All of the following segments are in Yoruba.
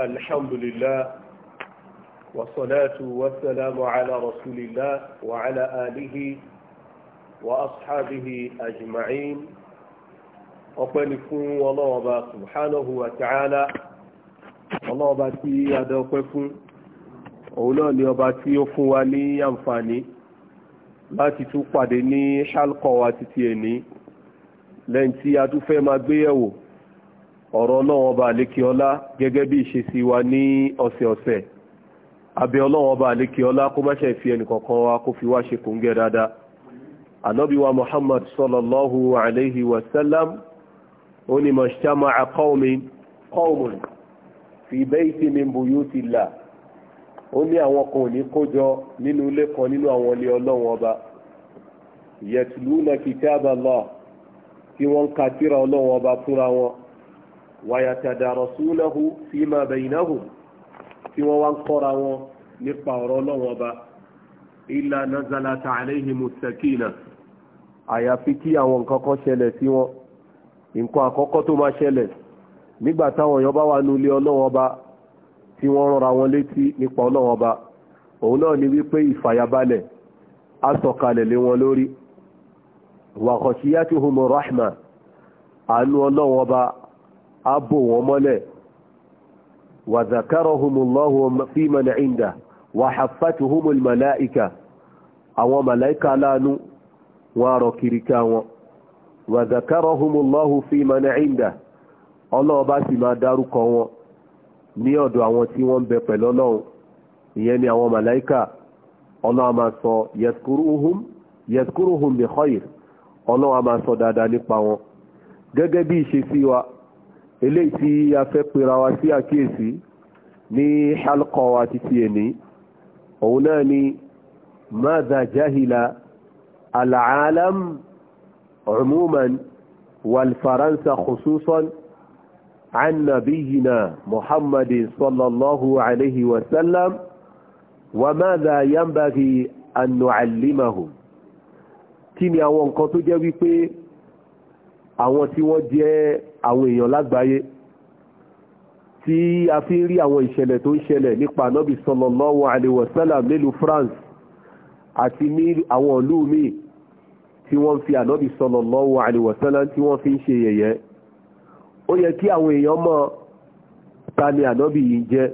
الحمد لله والصلاة والسلام على رسول الله وعلى آله وأصحابه أجمعين أقنكم والله سبحانه وتعالى ọlọ́wọ́ bá tí adá ọpẹ́ fún òun náà ni ọba tí ó fún wa ní àǹfààní láti tún pàdé ní ṣálkọ̀ wa títí ẹ̀ní lẹ́yìn tí a tún fẹ́ máa gbéyẹ̀wò ọ̀rọ̀ ọlọ́wọ́n ọba àlékiọlá gẹ́gẹ́ bí ìṣesí wa ní ọ̀sẹ̀ọ̀sẹ̀ abẹ́ ọlọ́wọ́n ọba àlékiọlá kó má ṣe fi ẹnìkọ̀ọ̀kan wa kó fi wá ṣe kòńgẹ́ dáadáa ànábì wa muhammad sallallahu alayhi wa sallam ó ní mọ̀ṣámà qawmin qawmun fi baytin min buyutillah ó ní àwọn kan tí wọ́n ń ka tírà ọlọ́wọ́n ọba fúnra wọn wàyàtàdàrọ̀súnlẹ́hu fíìmà bẹ̀yìnáhùn tí wọ́n wá ń kọ́ra wọn nípa ọ̀rọ̀ ọlọ́wọ́n ọba ilà nazalata alayhimu sakina àyàfi kí àwọn nǹkan kan ṣẹlẹ̀ sí wọn nǹkan àkọ́kọ́ tó máa ṣẹlẹ̀ nígbà táwọn èèyàn bá wà ní ilé ọlọ́wọ́n ọba tí wọ́n rọra wọn létí nípa ọlọ́wọ́n ọba òun náà ni wípé ìfàyàbalẹ̀ á sọ̀kalẹ̀ lé wọn lórí wàkọ̀ṣíyàtìhùmọ̀ rahma àánú ọlọ́wọ́n ọba á bò wọ́n mọ́lẹ̀ wa zakarahumullahu fi man inda wa haffatuhumul malaika àwọn malaika láàánú wọn arọ kìríkà wọn wa zakarahumullahu fi man inda ọlọ́ọ̀bá sì máa dárúkọ wọn ní ọ̀dọ̀ àwọn tí wọ́n bẹ pẹ̀lú gẹ́gẹ́ bí ìṣesí wa eléyìí tí a fẹ́ pera wa sí àkíyèsí ní halkọ wa títí ẹni òun náà ni maza jahila al'alam umuman wal faransa khususan an nabiyina muhammadin sallallahu alaihi wasallam wa maza yanbaghi an nu'allimahum kí ni àwọn nǹkan tó jẹ́ wípé àwọn tí wọ́n jẹ́ àwọn èèyàn lágbàáyé tí a fi ń rí àwọn ìṣẹ̀lẹ̀ tó ń ṣẹlẹ̀ nípa ànábì sallallahu alaihi wasallam nílùú France àti ní àwọn ìlú míì tí wọ́n fi ànábì sallallahu alaihi wasallam tí wọ́n fi ń ṣe yẹ̀yẹ́ ó yẹ kí àwọn èèyàn mọ̀ ta ni ànábì yìí jẹ́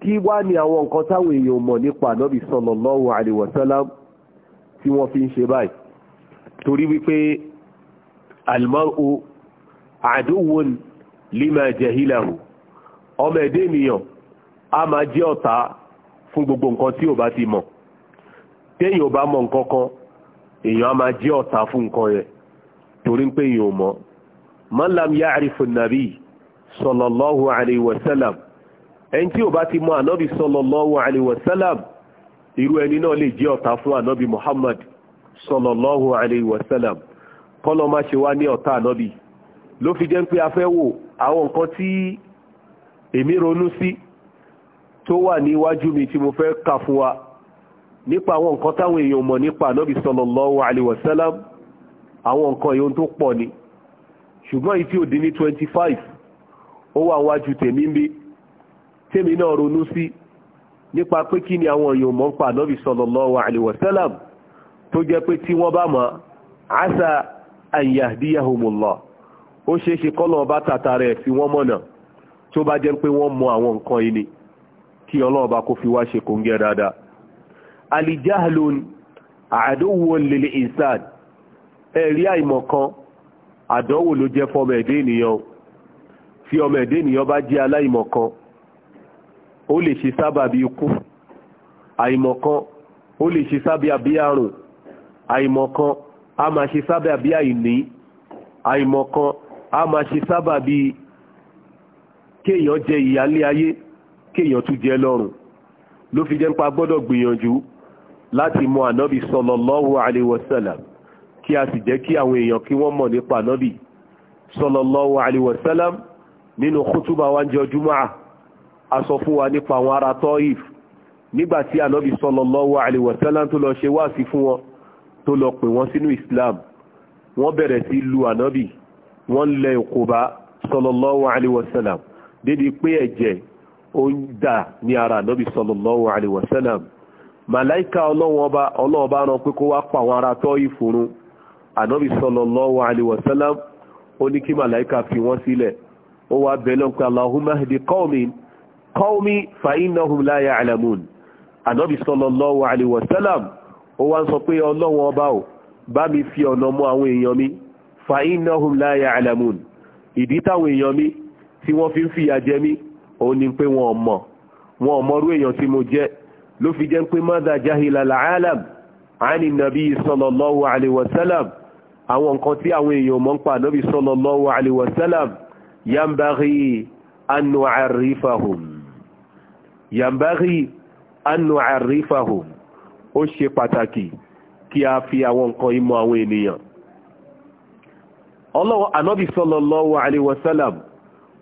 kí wá ní àwọn nǹkan táwọn èèyàn mọ̀ nípa ànábì sallallahu alaihi wasallam tí wọ́n fi ń ṣe báyìí torí wípé almaru عدو لما jahilahu ọmọ ẹ̀dẹ́ ènìyàn a máa jẹ́ ọ̀tá fún gbogbo nǹkan tí ò bá ti mọ̀ téèyàn ò bá mọ̀ nǹkan kan èèyàn a máa jẹ́ ọ̀tá fún nǹkan yẹn torí pé èèyàn ò mọ̀ man lam ya'rifu nàbí sallallahu alayhi wa sallam ẹni tí ò bá ti mọ̀ ànábì sallallahu alayhi wa sallam irú ẹni náà lè jẹ́ ọ̀tá fún ànábì muhammad sallallahu alayhi wa sallam kọ́lọ́ má ṣe wá ní ọ̀tá ànábì ló fi jẹ́ pé a fẹ́ wò àwọn nǹkan tí èmi ronú sí tó wà níwájú mi tí mo fẹ́ kà fún wa nípa àwọn nǹkan táwọn èèyàn mọ̀ nípa ànábì sallallahu alaihi wasallam àwọn nǹkan èèyàn tó pọ̀ ni ṣùgbọ́n ìtí òdí ní 25 ó wà wájú tèmi ń bí tèmi náà ronú sí nípa pé kí ni àwọn èèyàn mọ̀ nípa ànábì sallallahu alaihi wasallam tó jẹ́ pé tí wọ́n bá mọ̀ àṣà àyàdíyàhùmùlọ́ ó ṣeé ṣe ọba tàtàrẹ fi wọn mọ̀nà tó bá jẹ́ pé wọn mọ àwọn nǹkan yìí kí ọlọ́ọ̀ba kó fi wá ṣe kòńgẹ́ dáadáa alijahlun kan àdánwò ló jẹ́ fọmọ ẹ̀dẹ́ ènìyàn fi ọmọ ẹ̀dẹ́ ènìyàn bá jẹ́ aláìmọ̀ kan ó lè ṣe sábàbí ikú àìmọ̀ kan ó lè ṣe sábàbí àrùn àìmọ̀ kan a máa ṣe sábà bí àìní àìmọ̀kan a máa ṣe sábà bí kéèyàn jẹ ìyálé ayé kéèyàn tún jẹ lọ́rùn ló fi jẹ́ pa gbọ́dọ̀ gbìyànjú láti mọ ànábì sallallahu alaihi wasallam kí a sì jẹ́ kí àwọn èèyàn kí wọ́n mọ̀ nípa ànábì sallallahu alaihi wasallam nínú kútúbà wa ń jọ júmọ́à a sọ fún wa nípa àwọn ará tọ́ìf nígbàtí ànábì sallallahu alaihi wasallam tó lọ ṣe wáàsí fún wọn tó lọ pè wọ́n sínú islam wọ́n bẹ̀rẹ̀ sí lu ànábì wọ́n lẹ òkúba sallallahu alaihi wasallam débi pé ẹ̀jẹ̀ ó ń dà ní ara ànábì sallallahu alaihi wasallam màláìka ọlọ́wọ́ba rán pé kó wá pa àwọn ará tọ́ ìfúrun ànábì sallallahu alaihi wasallam ó ní kí màláìka fi wọ́n sílẹ̀ ó wá bẹ̀lọ́n pé Allahumma hdi qawmi qawmi fa innahum ànábì sallallahu alaihi ó wá ń sọ pé ọlọ́wọ́n ọba ò bá mi fi ọ̀nà mọ àwọn èèyàn mi fa innahum la ya'lamun ìdí táwọn èèyàn mi tí wọ́n fi ń fìyà jẹ mí òun ni pé wọn ò mọ̀ wọn ò mọrú èèyàn tí mo jẹ́ ló fi jẹ́ pé mọ́dà jahila làálàm àní nàbí sallallahu alaihi àwọn nǹkan tí àwọn èèyàn mọ̀ ń pa nàbí sallallahu alaihi wasallam yambaghi an nu'arrifahum yambaghi an ó ṣe pàtàkì kí a fi àwọn nǹkan ìmọ̀ àwọn ènìyàn ọlọ́wọ́ ànábì sallallahu alaihi wasallam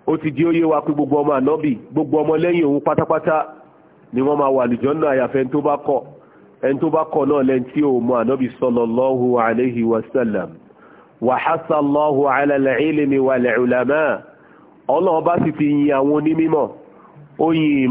ó ti di óyé wa pé gbogbo ọmọ ànábì gbogbo ọmọ lẹ́yìn òun pátápátá ni wọ́n máa wà àlùjànnà àyàfẹ́ tó bá kọ̀ ẹni tó bá kọ̀ náà lẹ́ni tí òun mọ ànábì sallallahu alaihi wasallam wa hassa Allahu ala al-ilmi wal ulama ọlọ́wọ́ bá sì fi yin àwọn onímọ̀ ó yin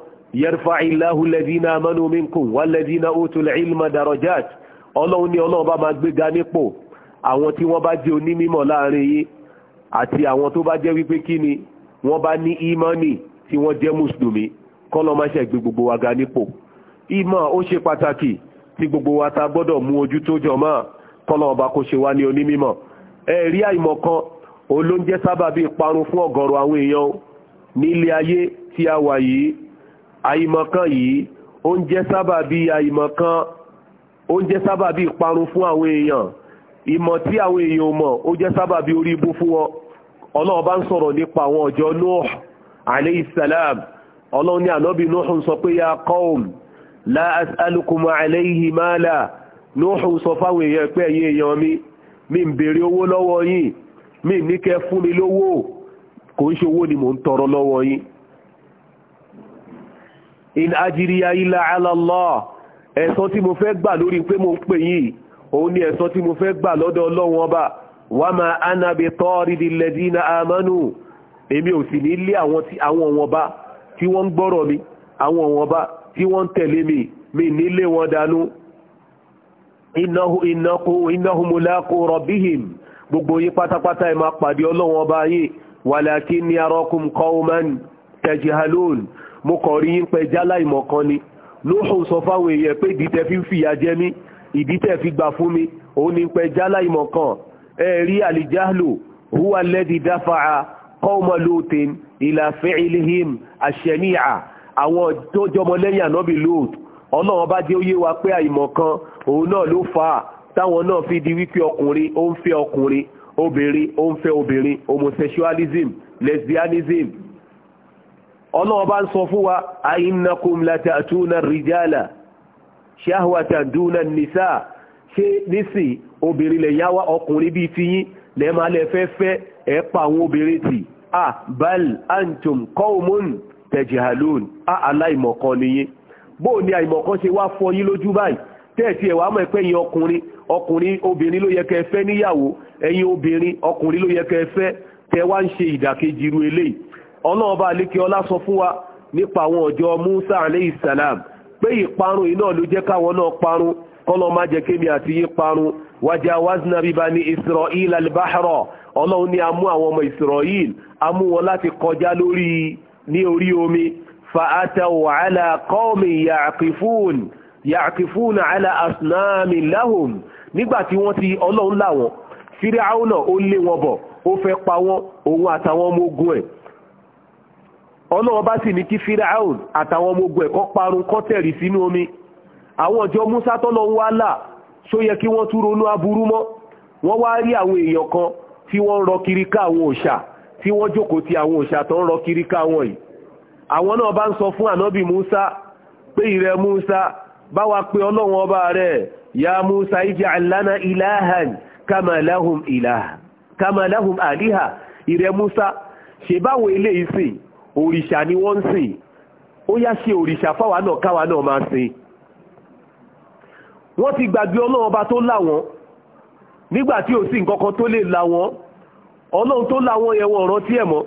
يرفع الله الذين amanu منكم والذين utul العلم درجات ọlọ́run ní ọlọ́run bá máa gbéga nípò àwọn tí wọ́n bá jẹ́ onímọ̀ láàrin yìí àti àwọn tó bá jẹ́ wípé kí ni wọ́n bá ní ìmánì tí wọ́n jẹ́ mùsùlùmí kọ́lọ́ máa ṣe gbé gbogbo wa ga nípò ìmọ̀ ó ṣe pàtàkì gbogbo wa ta gbọ́dọ̀ mú ojú tó jọ mọ́ kọ́lọ́ ọba kò ṣe wá ní onímọ̀ ẹ̀rí àìmọ̀ kan olóúnjẹ sábà bíi parun fún ọ̀gọ̀rọ̀ àwọn èèyàn nílé ayé tí a wà yìí àìmọ̀kan yìí ó ń jẹ́ sábàbí àìmọ̀kan ó ń jẹ́ sábàbí ìparun fún àwọn èèyàn ìmọ̀ tí àwọn èèyàn ò mọ̀ ó jẹ́ sábàbí orí ibú fún wọn ọlọ́run bá ń sọ̀rọ̀ nípa àwọn ọjọ́ Nuh alayhi salam ọlọ́run ní ànábì Nuh sọ pé ya qawm la as'alukum mala Nuh sọ fáwọn èèyàn pé ẹ̀yin èèyàn mi mi ń béèrè owó lọ́wọ́ yín mi ní kẹ́ fún mi lówó kò ń ṣe owó ni mò ń tọrọ lọ́wọ́ yín in ajiriya ila ala Allah ẹ̀san tí mo fẹ́ gbà lórí pé mo ń pè yìí òun ni ẹ̀san tí mo fẹ́ gbà lọ́dọ̀ ọlọ́run ọba wa ma ana bi taridi alladhina amanu èmi ò sì ní lé àwọn tí àwọn wọn bá tí wọ́n ń gbọ́rọ̀ mi àwọn wọn bá tí wọ́n ń tẹ̀lé mi mi nílé wọn dànù innahu innahu mo kàn rí yín pẹ́ jálá ìmọ̀kan ni lóhùn sọ fáwọn èèyàn pé ìdí tẹ́ fi ń fìyà jẹ mí ìdí tẹ́ fi gbà fún mi òun ni pẹ́ jálá ìmọ̀kan ẹ rí àlìjáàlù huwa lẹ́dí dáfàá qawma Lutin ìlà fi'lihim àṣẹmíà àwọn tó jọmọ lẹ́yìn ànábì Lut ọlọ́run bá dé ó wa pé àìmọ̀kan òun náà ló fà á táwọn náà fi di wípé ọkùnrin ó ń fẹ́ ọkùnrin obìnrin ó ń fẹ́ obìnrin homosexualism lesbianism ọlọ́wọ́ ọba ń sọ fún wa àyínnakum látàtúnà rìjálà ṣáhùwàtà dúnà nìsá ṣé nísì obìnrin lè yáwá ọkùnrin bíi lẹ fẹ́ fẹ́ obìnrin bal antum qawmun tajhalun à aláìmọ̀kan nìyẹn bó ni ṣe wá fọ yín lójú báyìí obìnrin ọlọ́run bá lékè ọlá sọ fún wa nípa àwọn ọjọ́ Musa aleyhi salam pé ìparun iná ló jẹ́ káwọn náà parun kọ́lọ́ má jẹ́ kémi àti yí parun wájà wazna bibani Israel albahra ọlọ́run ní amú àwọn ọmọ Israel amú wọn láti kọjá lórí ní orí omi fa'ataw ala qawmin ya'kifun ya'kifun ala asnamin lahum nígbàtí wọ́n ti ọlọ́run láwọn fírí náà ó lé wọn bọ̀ ó fẹ́ pa wọn òun àtàwọn ọmọ ogun ẹ̀ ọlọ́wọ́ bá sì ní kí firaun àtàwọn ọmọ ogun ẹ̀kọ́ parun kọ́tẹ̀rì sínú omi àwọn ọjọ́ musa tọ́lọ ń wá là ṣó yẹ kí wọ́n tún ronú aburú mọ́ wọ́n wá rí àwọn èèyàn kan tí wọ́n ń rọ kiri ká àwọn òòṣà tí wọ́n jókòó ti àwọn òòṣà tó ń rọ kiri ká wọn yìí àwọn náà bá ń sọ fún ànábì musa pé ìrẹ musa bá wa pé ọlọ́wọ́n ọba rẹ̀ ya musa ij'al alana ilahan kama lahum ilaha kama lahum aliha ìrẹ musa ṣe báwo eléyìí sìn òrìṣà ni wọ́n ń sìn ó yá ṣe òrìṣà fáwa náà káwa náà máa sìn wọ́n ti gbàgbé ọlọ́run ọba tó là wọ́n nígbà tí ò sí nǹkan kan tó lè là wọ́n ọlọ́run tó là wọ́n yẹn wọ́n rántí ẹ̀ mọ́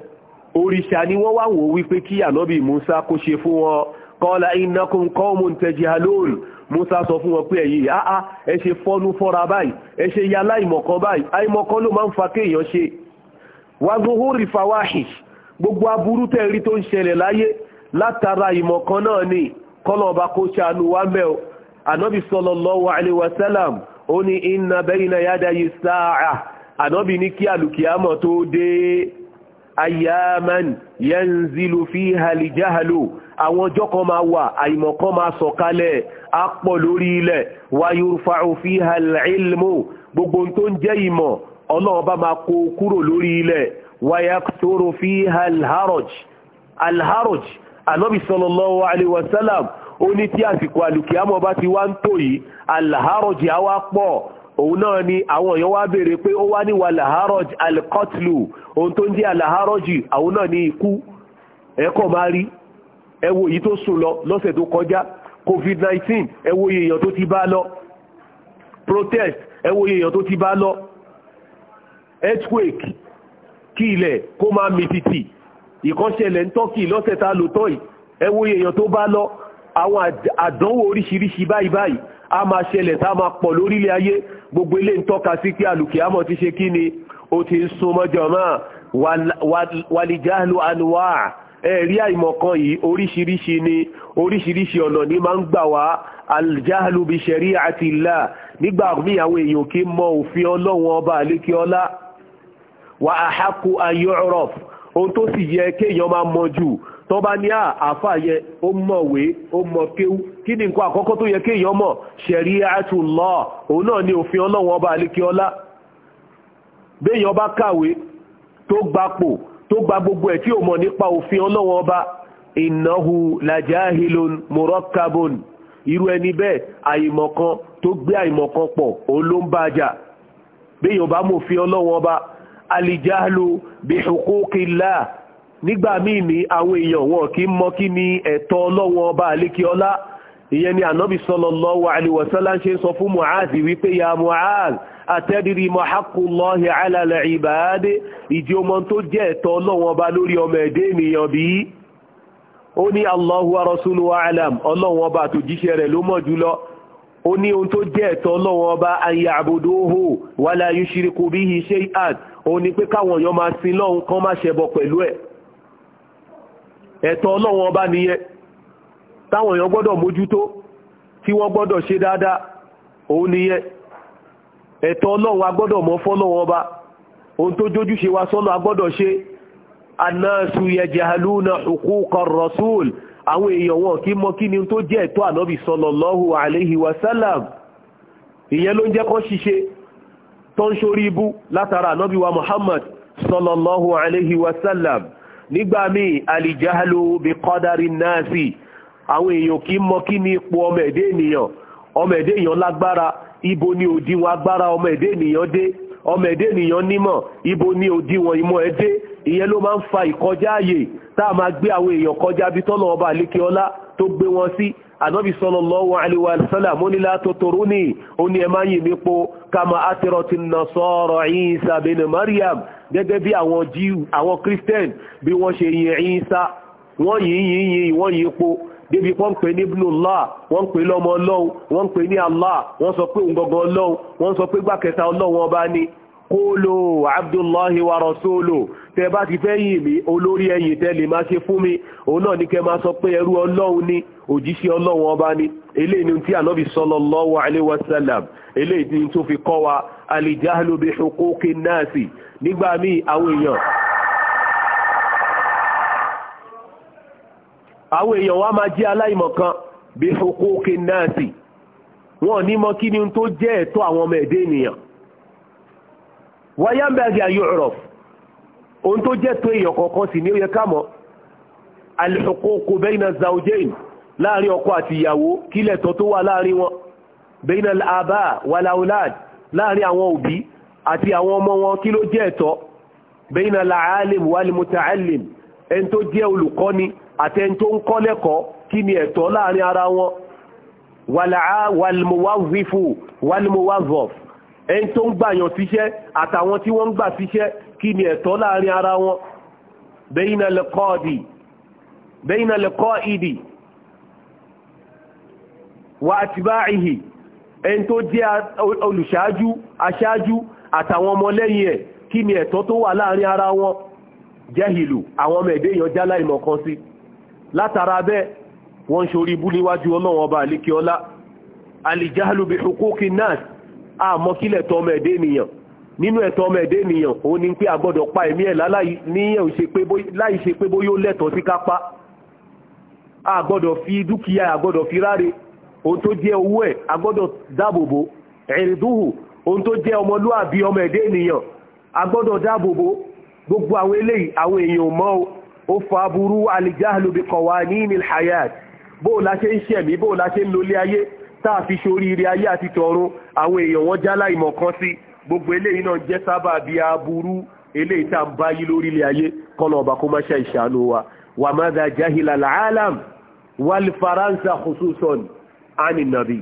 òrìṣà ni wọ́n wá wò wípé kí ànábì Musa kó ṣe fún wọn kọ́lá innakum qawmun tajhalun Musa sọ fún wọn pé ẹ̀yìn àá ẹ ṣe fọ́nú fọ́ra báyìí ẹ ṣe yálà ìmọ̀kan báyìí àìmọ̀kan ló máa ń fa kéèyàn ṣe wàgbóhórì fawahish gbogbo aburú tẹ́ rí tó ń ṣẹlẹ̀ láyé látara ìmọ̀ kan náà ni kọ́nà ọba kó ṣàánú wa mẹ́ o ànábì sallallahu alaihi wasallam ó ní inna bayna yadayi sáà ànábì ní kí àlùkìyàmọ̀ tó dé ayaman yanzilu fiha aljahalu àwọn ọjọ́ kan máa wà àìmọ̀ kan máa sọ̀kalẹ̀ á pọ̀ lórí ilẹ̀ wa yurfa'u fiha alilmu gbogbo tó ń jẹ́ ìmọ̀ ọlọ́run bá máa kó kúrò lórí ilẹ̀ wàyàkùtòrò fi alharaj alharaj alọ́bì sallallahu alaihi wasallam ó ní tí àsìkò alùkìámọ̀ bá ti wá ń tò yìí alharaj á wá pọ̀ òun náà ni àwọn èèyàn wá béèrè pé ó wá ní wà alharaj alkotlu ohun tó ń jẹ́ alharaj àwọn náà ni ikú ẹ̀kọ́ máa rí ẹ èyí tó sùn lọ lọ́sẹ̀ tó kọjá covid-19 ẹ èèyàn tó ti bá lọ protest ẹ èèyàn tó ti bá lọ earthquake kí ilẹ̀ kó máa mi títì ìkọ́ṣẹlẹ̀ ń tọ́kì lọ́sẹ̀ tá lò tọ́ yìí ẹ wo èèyàn tó bá lọ àwọn àdánwò oríṣiríṣi báyìí báyìí a máa ṣẹlẹ̀ tá a máa pọ̀ lórílẹ̀ ayé gbogbo ilé ń tọ́ka sí pé àlùkìyámọ̀ ti ṣe kí ni ó ti ń sún mọ́jọ́ wàlìjáàlú anuwa ẹ̀rí àìmọ̀kan yìí oríṣiríṣi ni oríṣiríṣi ọ̀nà ní máa ń gbà wá aljáàlú bí ṣẹ̀rí nígbà míì àwọn èèyàn kí mọ òfin ọlọ́run ọba àlékí wà áhákù ayé ọ̀rọ̀ ohun tó sì yẹ kéèyàn máa mọ jù tó bá ní àáfà yẹ ó mọ̀wé ó mọ kéwú kí ni nǹkan àkọ́kọ́ tó yẹ kéèyàn mọ̀ ṣẹ̀rí'atullah òun náà ni òfin ọlọ́run ọba àlékiọlá béèyàn bá kàwé tó gbapò tó gba gbogbo ẹ̀ tí ò mọ̀ nípa òfin ọlọ́run ọba ìnáhu làjáhìlón mọ́rọ́kàbọ̀n irú ẹni bẹ́ẹ̀ àìmọ̀kan tó gbé àìmọ̀kan pọ̀ òun ló ń bá jà béèyàn bá mọ̀ òfin ọlọ́run ọba alìjáàlù bí hukukilá nígbà míì ní àwọn èèyàn wọn kì í mọ kí ni ẹ̀tọ́ ọlọ́wọ́n ọba àlékiọlá ìyẹn ni ànábì sallallahu alaihi wasallam ṣe ń sọ fún mu'adh wípé ya mu'adh àtẹ́dìrí mahakullahi alàlẹ̀ ìbáadé ìdí ọmọ tó jẹ́ ẹ̀tọ́ ọlọ́wọ́n ọba lórí ọmọ ẹ̀dẹ́ ènìyàn bí ó ní allahu wa alam ọlọ́wọ́n ọba àtòjíṣẹ́ rẹ̀ ló mọ̀ jùlọ ó ní ohun tó jẹ́ ẹ̀tọ́ ọlọ́wọ́ ọba ayé àbòdó hò wàlá yushiriku bihi shay'an òun ni pé káwọn èèyàn máa sin lọ́hun kán má ṣẹbọ pẹ̀lú ẹ̀ ẹ̀tọ́ ọlọ́wọ́ ọba nìyẹn táwọn èèyàn gbọ́dọ̀ mójútó tí wọ́n gbọ́dọ̀ ṣe dáadáa òun nìyẹn ẹ̀tọ́ ọlọ́run rasul àwọn èèyàn wọn kì í mọ kí ni tó jẹ́ ẹ̀tọ́ ànábì sallallahu alayhi wa sallam ìyẹn ló ń jẹ́ kó ṣiṣe tó ń ṣorí ibú látara ànábì wa Muhammad sallallahu alayhi wa sallam nígbà míì alìjáhálò bí kọ́dárì náàsì àwọn èèyàn kì mọ kí ni ipò ọmọ ẹ̀dẹ́ ènìyàn ọmọ ẹ̀dẹ́ èèyàn lágbára ibo ni òdiwọ̀n agbára ọmọ ẹ̀dẹ́ ènìyàn dé ọmọ ẹ̀dẹ́ ènìyàn nímọ̀ ibo ni òdiwọ̀n ìmọ̀ ẹ̀ dé ìyẹn ló máa ń fa ìkọjá àyè tá a máa gbé àwọn èèyàn kọjá bí tọ́lọ̀ ọba àlékè ọlá tó gbé wọn sí ànábì sallallahu alaihi wa sallam ó ní la tuturuni ó ní ẹ máa yìn mí po kama atirati nasara Isa bin Maryam gẹ́gẹ́ bí àwọn Jíù àwọn Christian bí wọ́n ṣe yìn Isa wọ́n yìn yìn yìn wọ́n yìn po débi wọ́n pè ní ibnullah wọ́n pè lọ́mọ Ọlọ́run wọ́n pè ní Allah wọ́n sọ pé òun gangan wọ́n sọ pé gbàkẹta Ọlọ́run ọba ni kóòlò Abdullahi wa rasuluhu tẹ bá ti fẹ́ yìn mí olórí ẹ̀yìn tẹ lè máa ṣe fún mi òun náà ni kẹ máa sọ pé ẹrú ọlọ́run ni òjíṣẹ́ ọlọ́run ọba ni eléyìí ni tí ànábì sallallahu alaihi wasallam eléyìí ni tó fi kọ́ wa al-jahlu bi huquqi nasi nígbà míì àwọn èèyàn àwọn èèyàn wa máa jẹ́ aláìmọ̀kan bí huquqi nasi wọn ní mọ kí ni tó jẹ́ ẹ̀tọ́ àwọn ọmọ ẹ̀dẹ́ ènìyàn wáyà ń ohun tó jẹ́ tó èèyàn kọ̀ọ̀kan sì ní ó yẹ ká mọ̀ al-huququ bayna zawjayn láàrin ọkọ àti ìyàwó kílẹ̀ tó tó wà láàrin wọn bayna al-aba wal-awlad láàrin àwọn òbí àti àwọn ọmọ wọn kí ló jẹ́ ẹ̀tọ́ bayna al-alim wal ẹni tó jẹ́ kí ni ẹ̀tọ́ láàrin ara wọn bẹ́yìnà lẹ́kọ́ ìdì wà àtìbá ìhì ẹni tó jẹ́ olùṣáájú aṣáájú àtàwọn ọmọlẹ́yìn ẹ̀ kí ni ẹ̀tọ́ tó wà láàrin ara wọn jẹ́hìlù àwọn ọmọ ẹ̀dẹ́ èèyàn jálá ìmọ̀kan sí látara bẹ́ẹ̀ wọ́n ń ṣorí bú níwájú ọlọ́run ọba àlékíọlá alìjáhálù bí huquqi nas ọmọ ẹ̀dẹ́ ènìyàn nínú ẹ̀tọ́ ọmọ ẹ̀dẹ́ ènìyàn òun ni pé a gbọ́dọ̀ pa ẹ̀mí ẹ̀ láì ṣe pé bóyá ó lẹ́tọ̀ọ́ sí ká pa a gbọ́dọ̀ fi dúkìá a gbọ́dọ̀ fi ráre ohun tó jẹ́ owó ẹ̀ a gbọ́dọ̀ dáàbòbò ẹ̀rìndúhù ohun tó jẹ́ ọmọlúàbí ọmọ ẹ̀dẹ́ ènìyàn a dáàbòbò gbogbo àwọn eléyìí àwọn èèyàn mọ́ o ó fa aburú alìjáhàlù bí ní ìnil hayat bó la ṣe ń ṣẹ̀mí bó la ṣe ń lólé ayé tá a fi ṣoríire ayé àti tọ̀run àwọn èèyàn wọn já kan sí i gbogbo eléyìí náà jẹ́ sábà bíi aburú eléyìí tá à ń báyìí lórílẹ̀ ayé kọ́nà ọba kó má ṣe ìṣàánú wa wà má dà jahila làálàm wàlí faransa khususan ani nàbì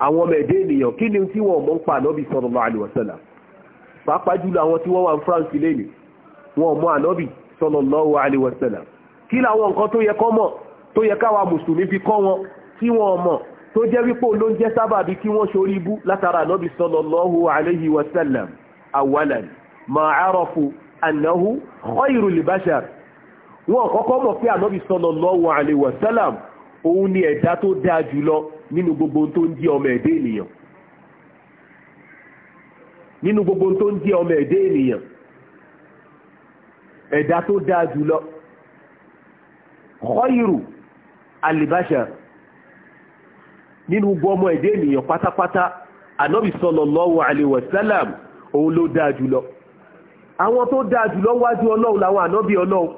àwọn ọmọ ẹ̀dẹ́ ènìyàn kí ni tí wọ́n mọ̀ ń pa ànábì sallallahu alaihi wasallam pàápàá jùlọ àwọn tí wọ́n wà ní France lẹ́nu wọn mọ̀ ànábì sallallahu alaihi wasallam kí làwọn nǹkan tó yẹ kọ́ mọ̀ tó yẹ káwa mùsùlùmí fi kọ́ wọn tí wọ́n mọ̀ tó jẹ́ wípé ló ń jẹ́ sábàbí kí wọ́n ṣorí ibú látara ànábì sallallahu alayhi wa sallam awalan ma arafu annahu khayrul bashar wọn kọ́kọ́ mọ̀ pé ànábì sallallahu alayhi wa sallam òun ni ẹ̀dá tó dáa jùlọ nínú gbogbo tó ń jẹ́ ọmọ ẹ̀dá ènìyàn ẹ̀dá tó dáa jùlọ khayru al nínú gbọmọ ẹdẹ ènìyàn pátápátá anabi sallallahu alaihi wasallam òun ló dáa jùlọ àwọn tó dáa jùlọ wájú Ọlọ́run làwọn anabi Ọlọ́run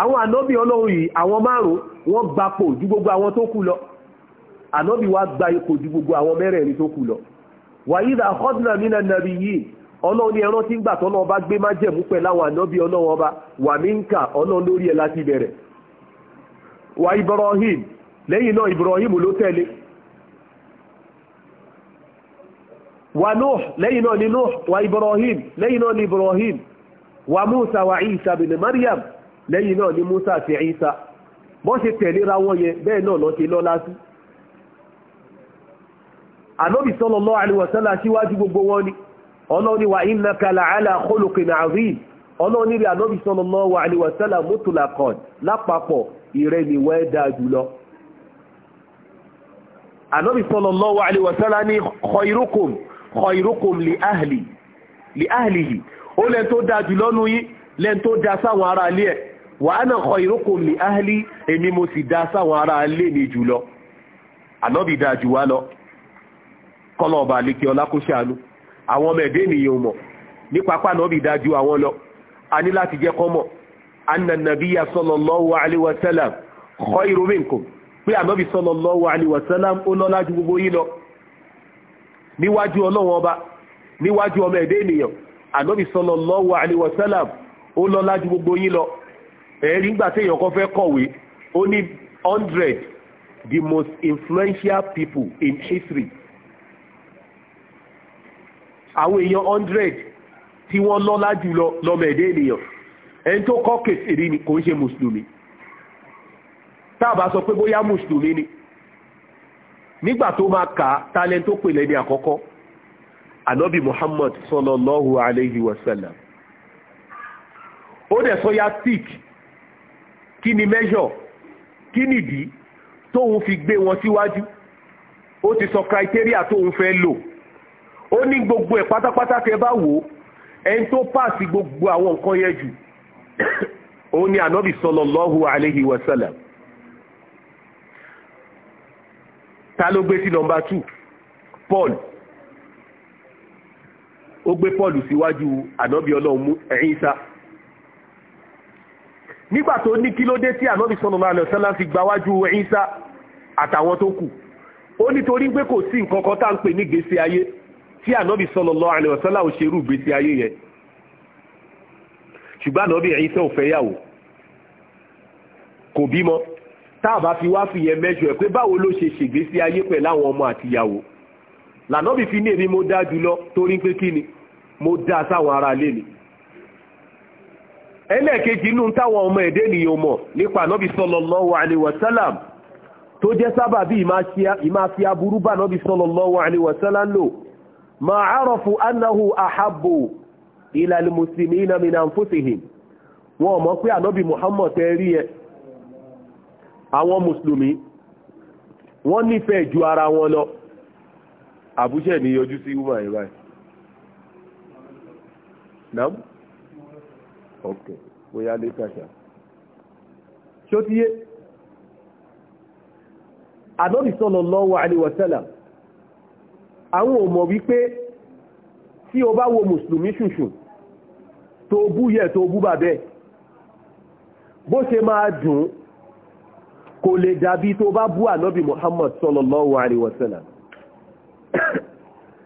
àwọn ànábì ọlọ́run yìí àwọn márùn wọ́n gba pò ju gbogbo àwọn tó kù lọ ànábì wa gba ipò ju gbogbo àwọn mẹ́rẹ̀ẹ̀rin tó kù lọ wàyí dà hosna nínà nàbí yìí ọlọ́run ní ẹran tí ń gbà tọ́nà ọba gbé má jẹ̀mú pẹ̀ láwọn ànábì ọlọ́run ọba wà ọlọ́run lórí ẹ̀ láti bẹ̀rẹ̀ wà Ibrahim lẹ́yìn náà Ibrahim ló tẹ̀lé wa Nuh lẹ́yìn náà ni Nuh wa Ibrahim lẹ́yìn náà ni Ibrahim wa Musa wa Isa bin Maryam lẹ́yìn náà ni Musa àti Isa bọ́n ṣe tẹ̀léra wọn yẹn bẹ́ẹ̀ náà lọ́ ṣe lọ́lá sí ànábì sallallahu alaihi wasallam síwájú gbogbo wọn ni ọlọ́ni wa innaka la'ala khuluqin azim ọlọ́ni rí ànábì sallallahu alaihi wasallam mutlaqan lápapọ̀ ìrẹ́niwẹ́ dáa jùlọ ànábì sallallahu alaihi wa sallam ní khairukum khairukum li ahli li ahlihi ó lẹ́n tó dáa jùlọ nú yín lẹ́n tó dáa sáwọn ará ilé ẹ̀ wa ana khairukum li ahli èmi mo sì dáa sáwọn ará ilé mi jùlọ ànábì dáa jù wá lọ kọ́lọ̀ ọba àlekè ọlá kó ṣàánú àwọn ọmọ ẹ̀dẹ́ ènìyàn mọ̀ nípa pé ànábì dáa jù àwọn lọ a ní láti jẹ́ kọ́ mọ̀ anna nabiyya sallallahu alaihi pé ànábì sallallahu alaihi wasallam ó lọ́lá ju gbogbo yín lọ níwájú ọlọ́wọ́n ọba níwájú ọmọ ẹ̀dẹ́ ènìyàn ànábì sallallahu alaihi wasallam ó lọ́lá ju gbogbo yín lọ ẹ̀rí ńgbà tí èèyàn kan fẹ́ kọ̀wé ó ní hundred the most influential people in history àwọn èèyàn hundred tí wọ́n lọ́lá jùlọ lọ́mọ ẹ̀dẹ́ ènìyàn ẹni tó kọ́ kèsì rí ni kò ń ṣe mùsùlùmí táàbà sọ pé bóyá mùsùlùmí ni nígbà tó máa kà á talent tó pè lẹ́ni àkọ́kọ́ anabi muhammad sallallahu alayhi wa sallam ó dẹ̀ sọ́yà stick kí ni measure kí nìdí tóun fi gbé wọn síwájú ó ti sọ criteria tóun fẹ́ lò ó ní gbogbo ẹ̀ pátápátá tẹ bá wò ó ẹni tó pààsì gbogbo àwọn nǹkan yẹn jù òun ni anabi sallallahu alayhi wa sallam ta ló gbé sí nọmba two Paul ó gbé Paul síwájú ànábì ọlọ́run Ìsá nígbà tó ní kí ló dé tí ànábì sallallahu alaihi wasallam fi gbáwájú Ìsá àtàwọn tó kù ó nítorí pé kò sí nǹkan kan tá ń pè ní gbèsè ayé tí ànábì sallallahu alaihi wasallam ò ṣerú gbèsè ayé yẹn ṣùgbọ́n ànábì Ìsá ò fẹ́ yàwó kò bímọ táàbá fi wá fìyẹn mẹ́jọ ẹ̀ pé báwo ló ṣe ṣègbésí ayé pẹ̀lú àwọn ọmọ àtìyàwó lànàbì fi ní èmi mo dá jùlọ torí pé kí ni mo dá sáwọn ará ilé mi ẹlẹ́ẹ̀kejì inú táwọn ọmọ ẹ̀dẹ́ nìyẹn mọ̀ nípa ànábì sallallahu alaihi wasallam tó jẹ́ sábà bí ìmá fi aburú bá ànábì sallallahu alaihi wasallam lò ma arafu annahu ahabbu ila al-muslimina min anfusihim wọn mọ̀ pé ànábì Muhammad tẹ́ rí ẹ̀ àwọn mùsùlùmí wọ́n nífẹ̀ẹ́ ju ara wọn lọ àbúṣẹ̀ ní yọjú sí woman ẹ̀ báyìí ok bóyá lè kàṣà ṣó ti yé àdọ́bì sallallahu alaihi wasallam àwọn ò mọ̀ wípé tí o bá wo mùsùlùmí ṣùṣùn tó bú yẹ tó bú bàbẹ́ bó ṣe máa dùn kò lè dàbí tó bá bú ànábì Muhammad sallallahu alaihi wasallam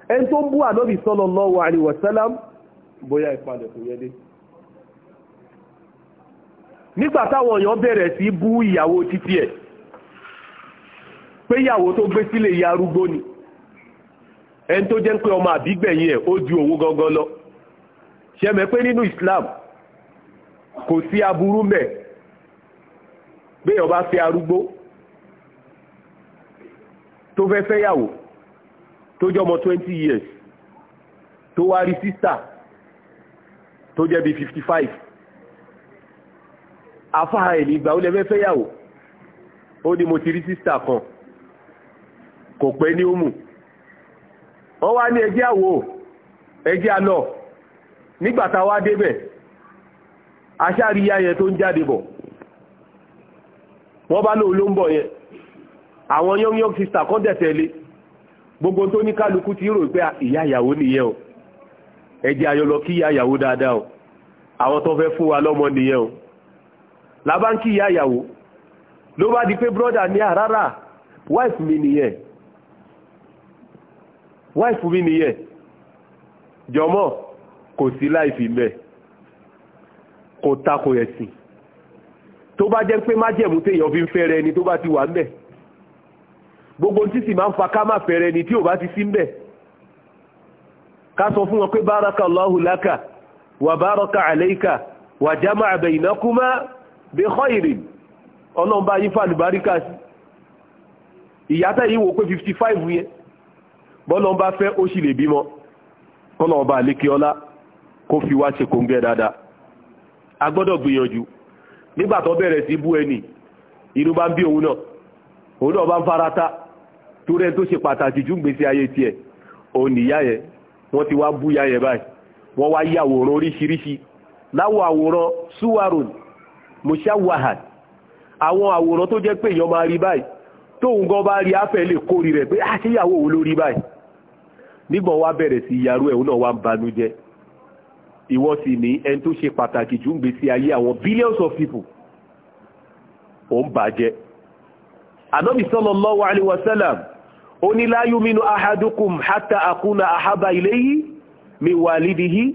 ẹni tó ń bú ànábì sallallahu alaihi wasallam bóyá ìpalẹ̀ kò yẹ dé nígbà táwọn èèyàn bẹ̀rẹ̀ sí bú ìyàwó títí ẹ̀ pé ìyàwó tó gbé sílé ìyá arúgbó ni ẹni tó jẹ́ pé ọmọ àbígbẹ̀yìn ẹ̀ ó ju òun gangan lọ ṣẹ́mẹ̀ pé nínú Islam kò sí aburú mẹ́ẹ̀ béèyàn bá fẹ́ arúgbó tó fẹ́ fẹ́yàwó tó jẹ́ ọmọ twenty years tó wá rí sísà tó jẹ́ bíi fifty five afáhà ẹ̀ nígbà ó lè fẹ́ fẹ́yàwó ó ní mo ti rí sísà kan kò pẹ́ ní ó mù wọ́n wá ní ẹjẹ́ àwò ẹjẹ́ alọ́ nígbàtà aṣáríyá yẹn tó ń jáde bọ̀ wọ́n bá lóun ló ń bọ̀ yẹn àwọn young young sister kan dẹ̀ tẹ̀lé gbogbo tó ní kálukú ti rò pé ah, ìyá ìyàwó nìyẹn o ẹ jẹ́ ayọ̀ lọ kí ìyá ìyàwó dáadáa o àwọn tó fẹ́ fún wa lọ́mọ nìyẹn o lábáńkì ìyá ìyàwó ló bá di pé brother ní àrárá ah, wife mi nìyẹn wife mi nìyẹn jọmọ kò sí láìfi mẹ́ kò takò ẹ̀sìn tó bá jẹ́ pé májẹ̀mú téèyàn fi ń fẹ́rẹ̀ ẹni tó bá ti wà ń bẹ̀ gbogbo tí sì máa ń fa ká má fẹ́rẹ̀ ẹni tí ò bá ti sí ń bẹ̀ ká sọ fún wọn pé báraka Allahu wà báraka alayka wà jama'a baynakuma bi khairin ọlọ́run bá yín fàlùbáríkà sí ìyátá yìí wò pé fifty five yẹn bọ́lọ́n bá fẹ́ ó sì lè bímọ kọ́lọ́n ọba àlékè ọlá kó fi wá ṣe kóńgẹ́ dáadáa a gbìyànjú nígbà tó bẹ̀rẹ̀ sí bú ẹni inú bá ń bí òun náà òun náà bá ń farata torí ẹni tó ṣe pàtàkì jù gbèsè ayé tiẹ̀ òun nìyá wọ́n ti wá bú ya yẹn báyìí wọ́n wá yí àwòrán oríṣiríṣi láwọn àwòrán suwarun mushawahan àwọn àwòrán tó jẹ́ pé èèyàn máa rí báyìí tóun gan bá rí afẹ́ lè kórìí rẹ̀ pé àṣeyàwó ah, òun ló rí báyìí nígbà wá bẹ̀rẹ̀ sí ìwọ sì ní ẹni tó ṣe pàtàkì jù ń gbèsè ayé àwọn billions of people ó ń bàjẹ́ ànábì sallallahu alaihi wasallam ó ní la yuminu ahadukum hatta akuna ahaba ilayhi mi walidihi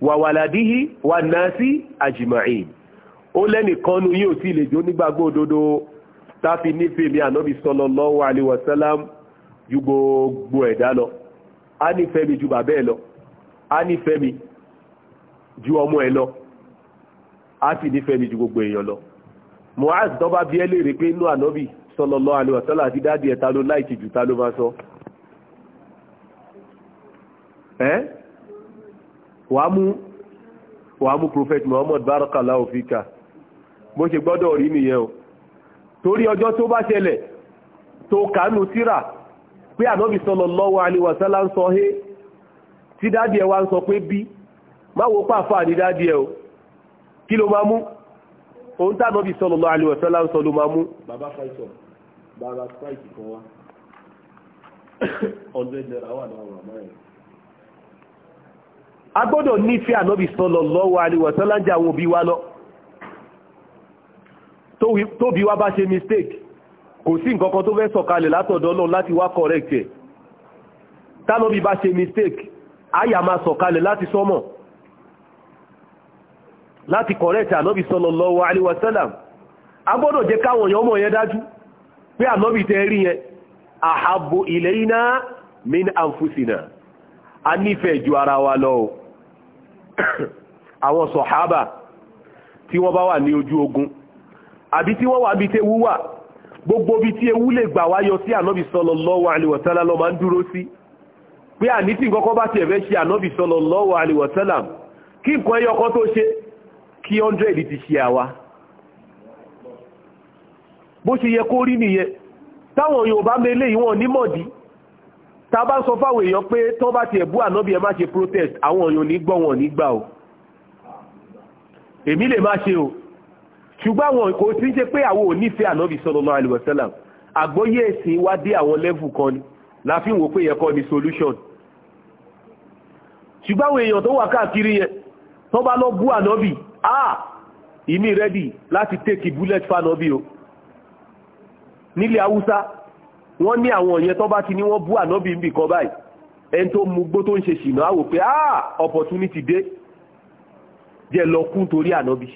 wa waladihi wa nasi ajma'in ó lẹ́nìkan nu yóò sì lè jó nígbàgbọ́ òdodo táfi nífẹ̀ẹ́ mi ànábì sallallahu wasallam ju gbogbo ẹ̀dá lọ a nífẹ̀ẹ́ mi ju bàbá ẹ̀ lọ a nífẹ̀ẹ́ mi ju ọmọ ẹ lọ a sì nífẹ̀ẹ́ mi ju gbogbo èèyàn lọ Muaz dọ́ba bí ẹ léèrè pé inú ànábì sallallahu alaihi wasallam àti dáàdì ẹ̀ ta ló láìkì jù ta ló máa sọ ẹ́ wàá mú wàá mú prophet Muhammad barakallahu fika bó ṣe gbọ́dọ̀ rí nìyẹn o torí ọjọ́ tó bá ṣẹlẹ̀ tó kánú síra pé ànábì sallallahu alaihi wasallam ń sọ hé tí dáàdì ẹ̀ wá ń sọ pé bí Ma wo pàfà ní dádì ẹ o kí ló máa mú ohun táwọn bí sallallahu alaihi wasallam sọ ló máa mú. bàbá fáìtọ̀ bàbá fáìtì kan wá ọ̀dọ̀ ẹ̀dẹ̀rà wà náà wà máa yẹn a gbọ́dọ̀ nífẹ̀ẹ́ ànábì sallallahu alaihi wasallam jà àwọn òbí wa lọ tóbi wa bá ṣe mistake kò sí nǹkankan tó fẹ́ sọ̀kalẹ̀ látọ̀dọ̀ Ọlọ́run láti wá correct ẹ̀ tánàbí bá ṣe mistake àyà máa sọ̀kalẹ̀ láti sọ́mọ̀ láti kọ̀rẹ́tì ànábì sallallahu alaihi wasallam a gbọ́dọ̀ jẹ káwọn èèyàn ọmọ yẹn dájú pé ànábì tẹ́ rí yẹn ahabbu ilayna min anfusina a nífẹ̀ẹ́ ju ara wa lọ àwọn sọ̀hábà tí wọ́n bá wà ní ojú ogun àbí tí wọ́n wà bí tẹ́ wúwà gbogbo bí tí ewu lè gbà wáyọ sí ànábì sallallahu alaihi lọ máa ń dúró sí pé tí kí 100 ti ṣe àwa bó ṣe yẹ kó rí nìyẹn táwọn Yorùbá mele ìwọ̀n nímọ̀dí ta bá sọ fáwọn èèyàn pé tọ́ bá ti ẹ̀bú ànábì ẹ má ṣe protest àwọn èèyàn ní gbọ́ wọn ní gbà o èmi lè má ṣe o ṣùgbọ́n àwọn kò sí ṣe pé àwọn ò nífẹ̀ẹ́ ànábì sallallahu alaihi wasallam àgbóyè ẹ̀sìn wá dé àwọn level kan ni láfi wò pé yẹn kọ́ ni solution ṣùgbọ́n àwọn èèyàn tó wà káàkiri yẹn tọ́ bá lọ bú ànábì ah ìmí rẹ́dì láti tẹ́kì bullet fanobi o nílẹ̀ haúsá wọ́n ní àwọn yẹn tó bá ti ní wọ́n bú ànábì ń bì kan báyìí ẹni tó mú gbó tó ń ṣe ṣìnà àwò pé ah opportunity dé jẹ́ lọ kún torí ànábì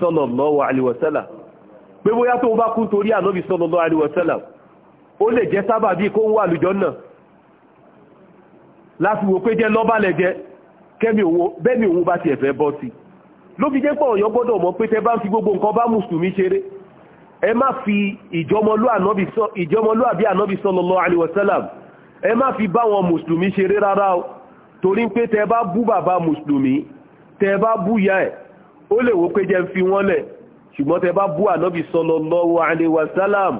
sallallahu alaihi wasallam pé bóyá tó bá kún torí ànábì sallallahu alaihi wasallam ó lè jẹ́ sábà bíi kó ń wà lùjọ́ náà láti wò pé jẹ́ lọ́bàlẹ̀ jẹ́ bẹ́ẹ̀ni òun bá ti ẹ̀fẹ́ bọ́ sí ló fi jẹ́ pọ̀ ọ̀yọ́ gbọ́dọ̀ mọ̀ pé tẹ bá ń fi gbogbo nǹkan bá mùsùlùmí ṣeré ẹ má fi ìjọmọlúàbí ànábì sallallahu alaihi wasallam ẹ má fi bá wọn mùsùlùmí ṣeré rárá o torí pé tẹ bá bú bàbá mùsùlùmí tẹ bá bú ya ẹ̀ ó lè wo pé jẹ́ ń fi wọ́n lẹ̀ ṣùgbọ́n tẹ bá bú ànábì sallallahu alaihi wasallam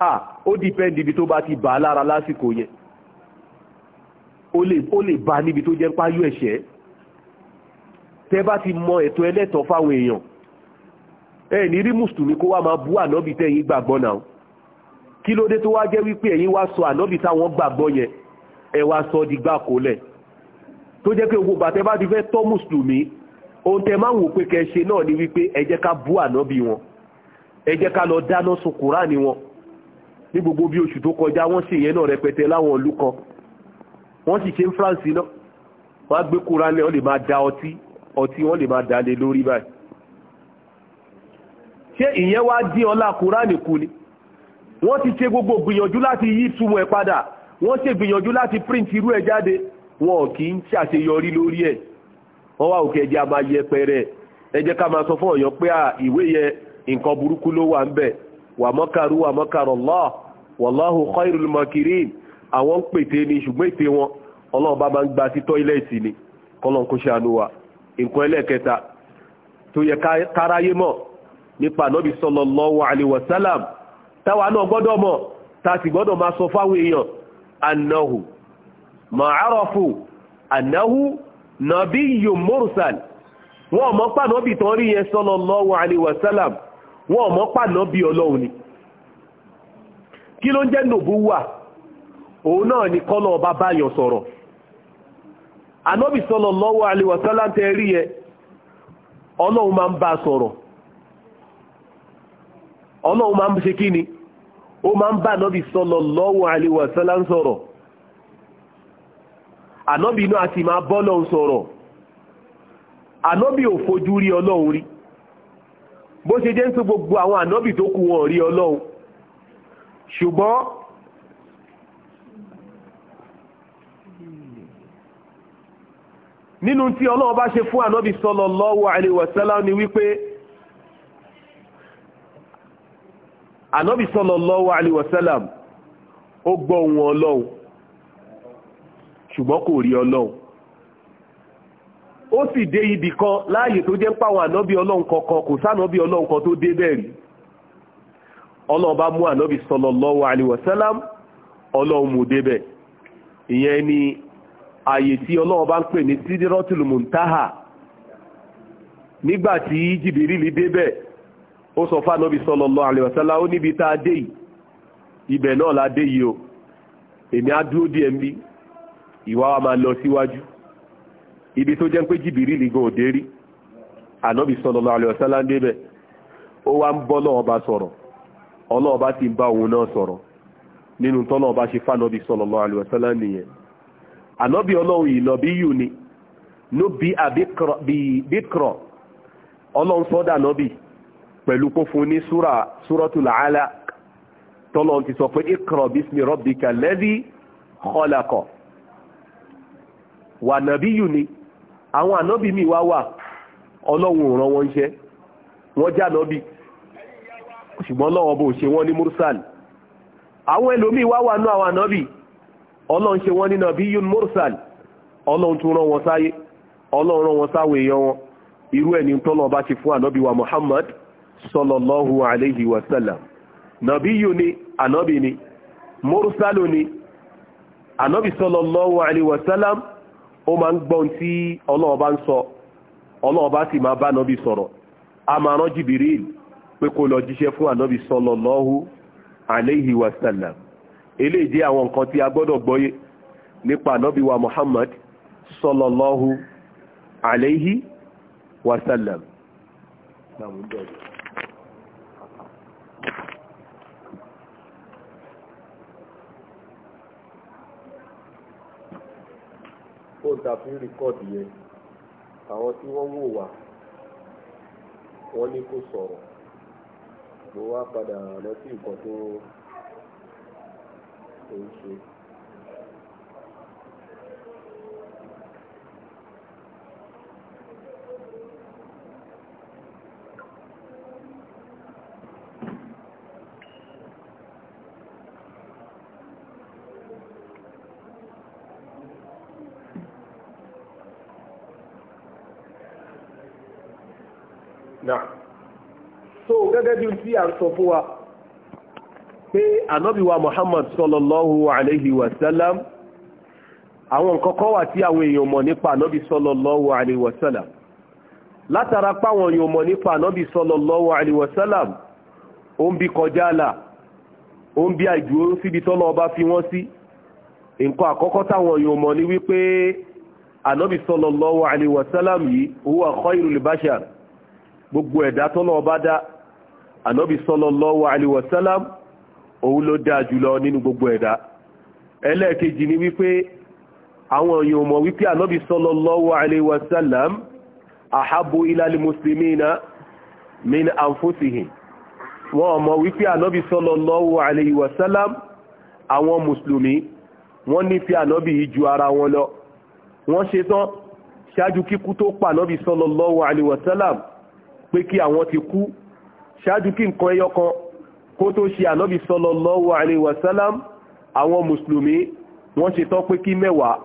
ah ó dìpẹ́ndì ibi tó bá ti bà á lára lásìkò yẹn ó lè bá níbi tó jẹ́ páyú ẹ̀ṣẹ́ tẹ́ bá ti mọ ẹ̀tọ́ ẹlẹ́tọ̀ọ́ fáwọn èèyàn ẹ ní rí mùsùlùmí kó wá máa bú ànábì tẹ́yìn gbàgbọ́ náà kí ló dé tó wá jẹ́ wípé ẹ̀yin wá sọ ànábì táwọn gbàgbọ́ yẹn ẹ wá sọ dìgbà kólẹ̀ tó jẹ́ pé gbogbo àtẹ́ bá ti fẹ́ tọ́ mùsùlùmí ohun tẹ́ máa ń wò pé kẹ́ náà ni wípé ẹ jẹ́ ká bú ànábì wọn ẹ jẹ́ ká lọ dáná sun kùránì wọn ní gbogbo bí oṣù tó kọjá wọ́n sì yẹn náà rẹpẹtẹ láwọn ìlú wọ́n sì ṣe ń France náà wọ́n á gbé kùránì wọ́n lè máa da ọtí ọtí wọ́n lè máa dalé lórí báyìí Ṣe ìyẹn wá dí ọlá kúránì kú ni wọ́n ti ṣe gbogbo gbìyànjú láti yí túmọ̀ ẹ̀ padà wọ́n ṣe gbìyànjú láti print irú ẹ̀ jáde wọn kì í ṣàṣeyọrí lórí ẹ̀ wọ́n wá òkè ẹjẹ́ a máa yẹ pẹrẹ ẹ jẹ́ ká máa sọ fún Ọ̀yọ́ pé ìwé yẹn nǹkan burúkú ló wà ń bẹ̀ wà mọ́kàrú wà mọ́kàrọ̀ Allah wallahu khairul kọ́ àwọn ń nǹkan ẹlẹ́ẹ̀kẹta tó yẹ káráyé mọ̀ nípa ànábì sallallahu alaihi wasallam táwa náà gbọ́dọ̀ mọ̀ tá gbọ́dọ̀ máa sọ fáwọn èèyàn kí ló ń jẹ́ òun náà ọba sọ̀rọ̀ Anọbi sallallahu alaihi wasallam rí yẹ ọlọ́run máa ń bá sọ̀rọ̀ ọlọ́run máa ń ṣe kí ni ó máa ń bá ànábì sallallahu sọ̀rọ̀ gbogbo àwọn anọbi tó kù nínú tí ọlọ́run bá ṣe fún ànábì sallallahu alaihi wasallam ni wípé ànábì sallallahu alaihi wasallam ó gbọ́ ohùn ọlọ́run ṣùgbọ́n kò rí ọlọ́run ó sì dé ibì kan láàyè tó jẹ́ pàwọn ànábì ọlọ́run kankan kò sánàbí ọlọ́run kan tó dé bẹ́ẹ̀ rí bá mú ànábì sallallahu alaihi wasallam ọlọ́run mú débẹ̀ ìyẹn ni Aye tí ọlọ́wọ́ bá ń pè ní sídírọ́tìlù mùntáhà nígbàtí jìbìrìlì débẹ̀ ó sọ fánàbí sallallahu alaihi wasallam ó níbi tá a dé yìí náà la dé yìí o èmi á dúró díẹ̀ ń ìwà wa máa lọ síwájú ibi tó jẹ́ pé jìbìrìlì gan rí ànábì bọ́ náà sọ̀rọ̀ ti ń bá náà sọ̀rọ̀ nínú ṣe fánàbí ànábì ọlọ́run ìnàbí yù ni ló bí àbíkọ̀rọ̀ ọlọ́run sọ́dà pẹ̀lú kó fún ní alaq tọ́lọ́run ti sọ pé ikra bismi rabbika alladhi khalaqa wà nàbí ni àwọn ànábì mi wà mursal wà ọlọ́run ṣe wọ́n ní nabiyyun mursal ọlọ́run tún rán wọn sáyé ọlọ́run rán wọn sáwọn èèyàn wọn irú ẹni tọ́lọ̀ bá ti fún ànábì wa muhammad sallallahu alayhi wa sallam nabiyyun ni ànábì ni mursalu ni ànábì sallallahu alayhi wa sallam ó máa ń gbọ́n tí ọlọ́run bá ń sọ ọlọ́run sì máa bá ànábì sọ̀rọ̀ a máa rán jìbìrìl pé kó lọ jíṣẹ́ fún ànábì sallallahu alayhi wa sallam eléyìí jẹ́ àwọn nǹkan tí a gbọ́dọ̀ gbọ́yé nípa ànábì wa Muhammad sallallahu alayhi wa sallam fóònù tàbí rìkọ́ọ̀dù yẹn àwọn tí wọ́n wò wá wọ́n ní kó sọ̀rọ̀ mo wá padà rántí nǹkan tó kò ń ṣe. náà so gẹ́gẹ́ bí tí a ń sọ fún wa pé ànábìwa Muhammad sallallahu alayhi wa sallam àwọn nǹkan kọ́ wà tí àwọn èèyàn mọ̀ nípa ànábì sallallahu alayhi wa sallam látara páwọn èèyàn mọ̀ nípa ànábì sallallahu alayhi wa sallam ó ń bí kọjá là ó ń bí àìdúró síbi tọ́lọ́ ọba fi wọ́n sí nǹkan àkọ́kọ́ táwọn èèyàn mọ̀ ní wípé ànábì sallallahu alayhi wa sallam yìí huwa khairul bashar gbogbo ẹ̀dá tọ́lọ́ ọba dá ànábì sallallahu alayhi wa sallam òun ló dáa jùlọ nínú gbogbo ẹ̀dá ẹlẹ́ẹ̀kejì ni wípé àwọn èèyàn mọ̀ wípé ànábì sallallahu alayhi wa sallam ahabu ilal muslimina min anfusihim wọ́n mọ̀ wípé ànábì sallallahu alayhi wa sallam àwọn mùsùlùmí wọ́n nífẹ̀ẹ́ ànábì yìí ju ara wọn lọ wọ́n ṣe tán ṣáájú kíkú tó pa ànábì sallallahu alayhi wa sallam pé kí àwọn ti kú ṣáájú kí nǹkan ẹyọ kan kó tó ṣe ànábì sallallahu alaihi wasallam àwọn mùsùlùmí wọ́n ṣe tán pé kí mẹ́wàá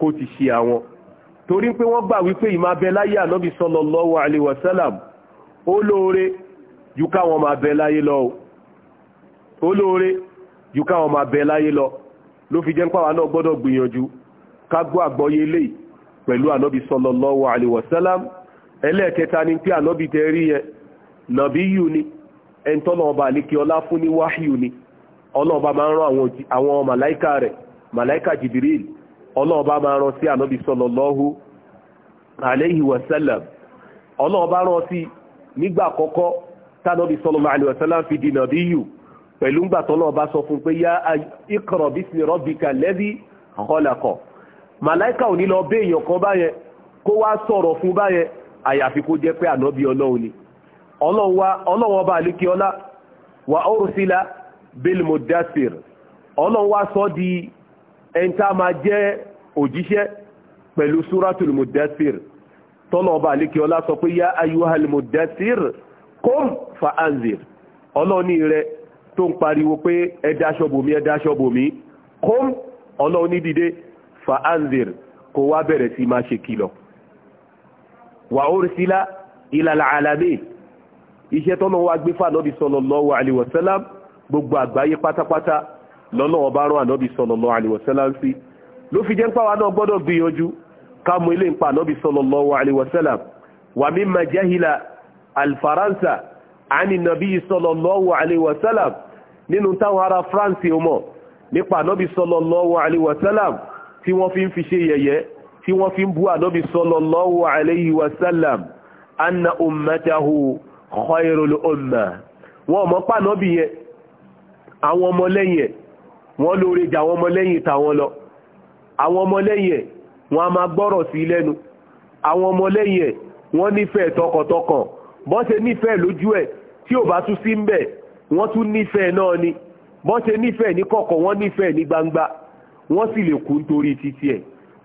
kó ti ṣe àwọn torí pé wọ́n gbà wípé ìmá bẹ ànábì sallallahu alaihi wasallam ó lóore ju káwọn máa bẹ láyé lọ ó lóore ju káwọn máa bẹ láyé lọ ló fi jẹ́ ń pàwà náà gbọ́dọ̀ gbìyànjú ká gbọ́ àgbọ́yé lè pẹ̀lú ànábì sallallahu alaihi wasallam ẹlẹ́ẹ̀kẹta ni pé ànábì tẹ rí yẹn nàbí yù ni ẹni ọba àlékè ọlá fún ní ni ọlọ́ọ̀ba máa rán àwọn màláìka rẹ̀ màláìka jìbìrìl ọlọ́ọ̀ba máa rán sí ànábì ọlọ́ọ̀ba rán sí nígbà àkọ́kọ́ tánàbì sallallahu ma wa fi di pẹ̀lú ńgbà tọ́lọ́ọ̀ba sọ pé yá ọlọ́wọ́ bá alékí wa wà ọ́rùsílá bilmudassir ọlọ́wọ́ sọ di ẹntá máa jẹ́ òjíṣẹ́ pẹ̀lú súratul mudassir tọ́lọ́wọ́ bá alékí ọlá sọ pé ya ayúhal mudassir kom fa anzir ọlọ́ni rẹ tó ń pariwo pé ẹdáṣọ́bòmí ẹdáṣọ́bòmí kom ọlọ́ni dìde fa anzir kó wá bẹ̀rẹ̀ sí máa ṣe kìlọ̀ wà ọ́rùsílá ìlàlà àlàmì iṣẹ́ tọ́nà wa gbé fà nọ́bí sallallahu alaihi gbogbo àgbáyé pátápátá lọ́nà ọba rán ànọ́bí sallallahu alaihi wasallam sí ló fi jẹ́ ń pàwà náà gbọ́dọ̀ gbìyànjú káàmù ilé ń pa ànọ́bí sallallahu alaihi wasallam wà mimma jahila alfaransa àní nàbí sallallahu alaihi nínú táwọn ará France mọ̀ nípa ànọ́bí sallallahu alaihi tí wọ́n fi ń fi ṣe yẹ̀yẹ́ tí wọ́n fi ń bú ànọ́bí sallallahu alaihi anna ummatahu khairul umma wọ́n mọ̀ pànábì yẹn àwọn ọmọlẹ́yìn ẹ̀ wọ́n lóore jà àwọn ọmọlẹ́yìn tàwọn lọ àwọn ọmọlẹ́yìn ẹ̀ wọ́n a máa gbọ́rọ̀ sí lẹ́nu àwọn ọmọlẹ́yìn ẹ̀ wọ́n nífẹ̀ẹ́ tọkàntọkàn bọ́n ṣe nífẹ̀ẹ́ lójú ẹ̀ tí ò bá tún sí ń bẹ̀ wọ́n tún nífẹ̀ẹ́ náà ni bọ́n ṣe nífẹ̀ẹ́ ní kọ̀kọ̀ wọ́n nífẹ̀ẹ́ ní gbangba wọ́n sì lè kú nítorí títí ẹ̀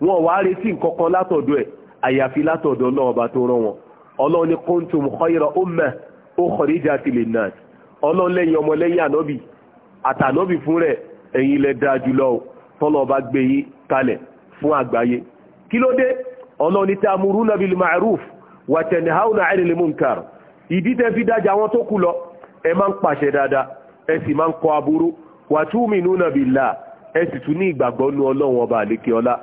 wọ́n wá retí nǹkan kan látọ̀dọ̀ ẹ̀ àyàfi látọ̀dọ̀ náà ọba tó rán wọn ọlọ́run ní kuntum khayra ummah ukhrijat linnas ọlọ́run lẹ́yìn ọmọlẹ́yìn ànábì àtànábì fún rẹ̀ ẹ̀yin lẹ dáa jùlọ tọ́lọ́ bá gbé yín kalẹ̀ fún àgbáyé kí ló dé ọlọ́run ní ta'muruna bil ma'ruf wa tanhauna 'anil munkar ìdí tẹ́ fi dájà wọn tó kù lọ ẹ máa ń pàṣẹ dáadáa ẹ sì máa ń kọ aburú wa tu'minuna billah ẹ sì tún ní ìgbàgbọ́ nu ọlọ́run ọba àlékè ọlá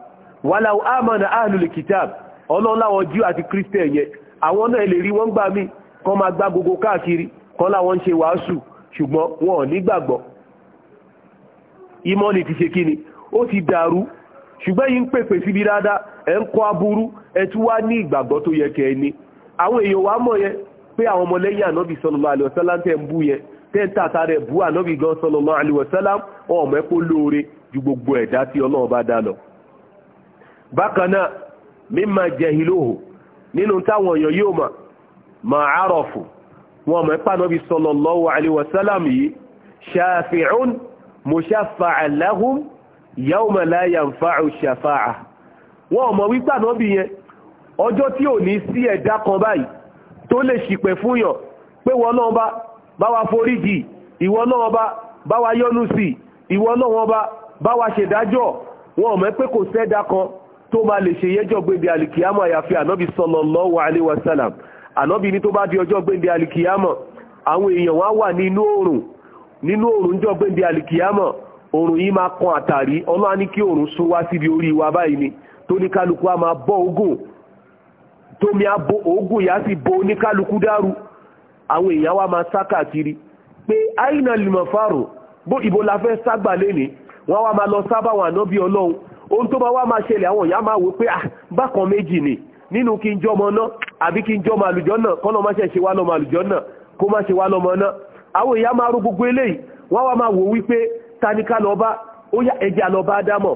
wàláwù amana ahlul kitab ọlọ́run láwọn jíù àti kírísítẹ̀ yẹn àwọn náà lè rí wọ́n gbà mí kọ́ máa gbá gbogbo káàkiri kọ́ láwọn ń ṣe wàásù ṣùgbọ́n wọn ò nígbàgbọ́ ni ti ṣe kíni ó ti dàrú ṣùgbọ́n yí ń pèpè síbi dáadáa ẹ̀ ń kọ́ aburú ẹ tún ní ìgbàgbọ́ tó yẹ kẹ́ ni. àwọn èèyàn wá mọ̀ yẹn pé àwọn ọmọlẹ́yìn ànábì yẹn tẹ́ ń nínú táwọn èèyàn yóò mọ̀ mà àrọ̀fù wọn mọ̀ ipá nọ́bí sallallahu alaihi wasallam yìí shafi'un mushaffa'an lahum yawma la yanfa'u shafa'a wọn mọ̀ wípà nọ́bí yẹn ọjọ́ tí ò ní sí ẹ̀dá kan báyìí tó lè ṣìpẹ̀ fún pé wọn náà bá bá wa tó máa lè ṣe yẹ́jọ́ gbéǹde alìkìyàmọ̀ àyàfi ànábì sallallahu alaihi wasallam ànábì ní tó bá di ọjọ́ gbéǹde alìkìyàmọ̀ àwọn èèyàn wá wà nínú oòrùn nínú oòrùn jọ gbéǹde alìkìyàmọ̀ oòrùn yìí máa kan àtàrí ọlọ́wà wa ni a bọ́ dàrú ohun tó bá wá máa ṣẹlẹ̀ àwọn ìyá máa wò pé à ah, bákan méjì ni nínú kí n jọmọ náà àbí kí n jọmọ àlùjọ náà kọ́nà má ṣe ṣe wá lọ́mọ àlùjọ náà kó má ṣe wá lọ́mọ náà àwọn ìyá máa rú gbogbo eléyìí wọ́n wá máa wò wípé ta ni ká lọ bá ó yá ẹjẹ́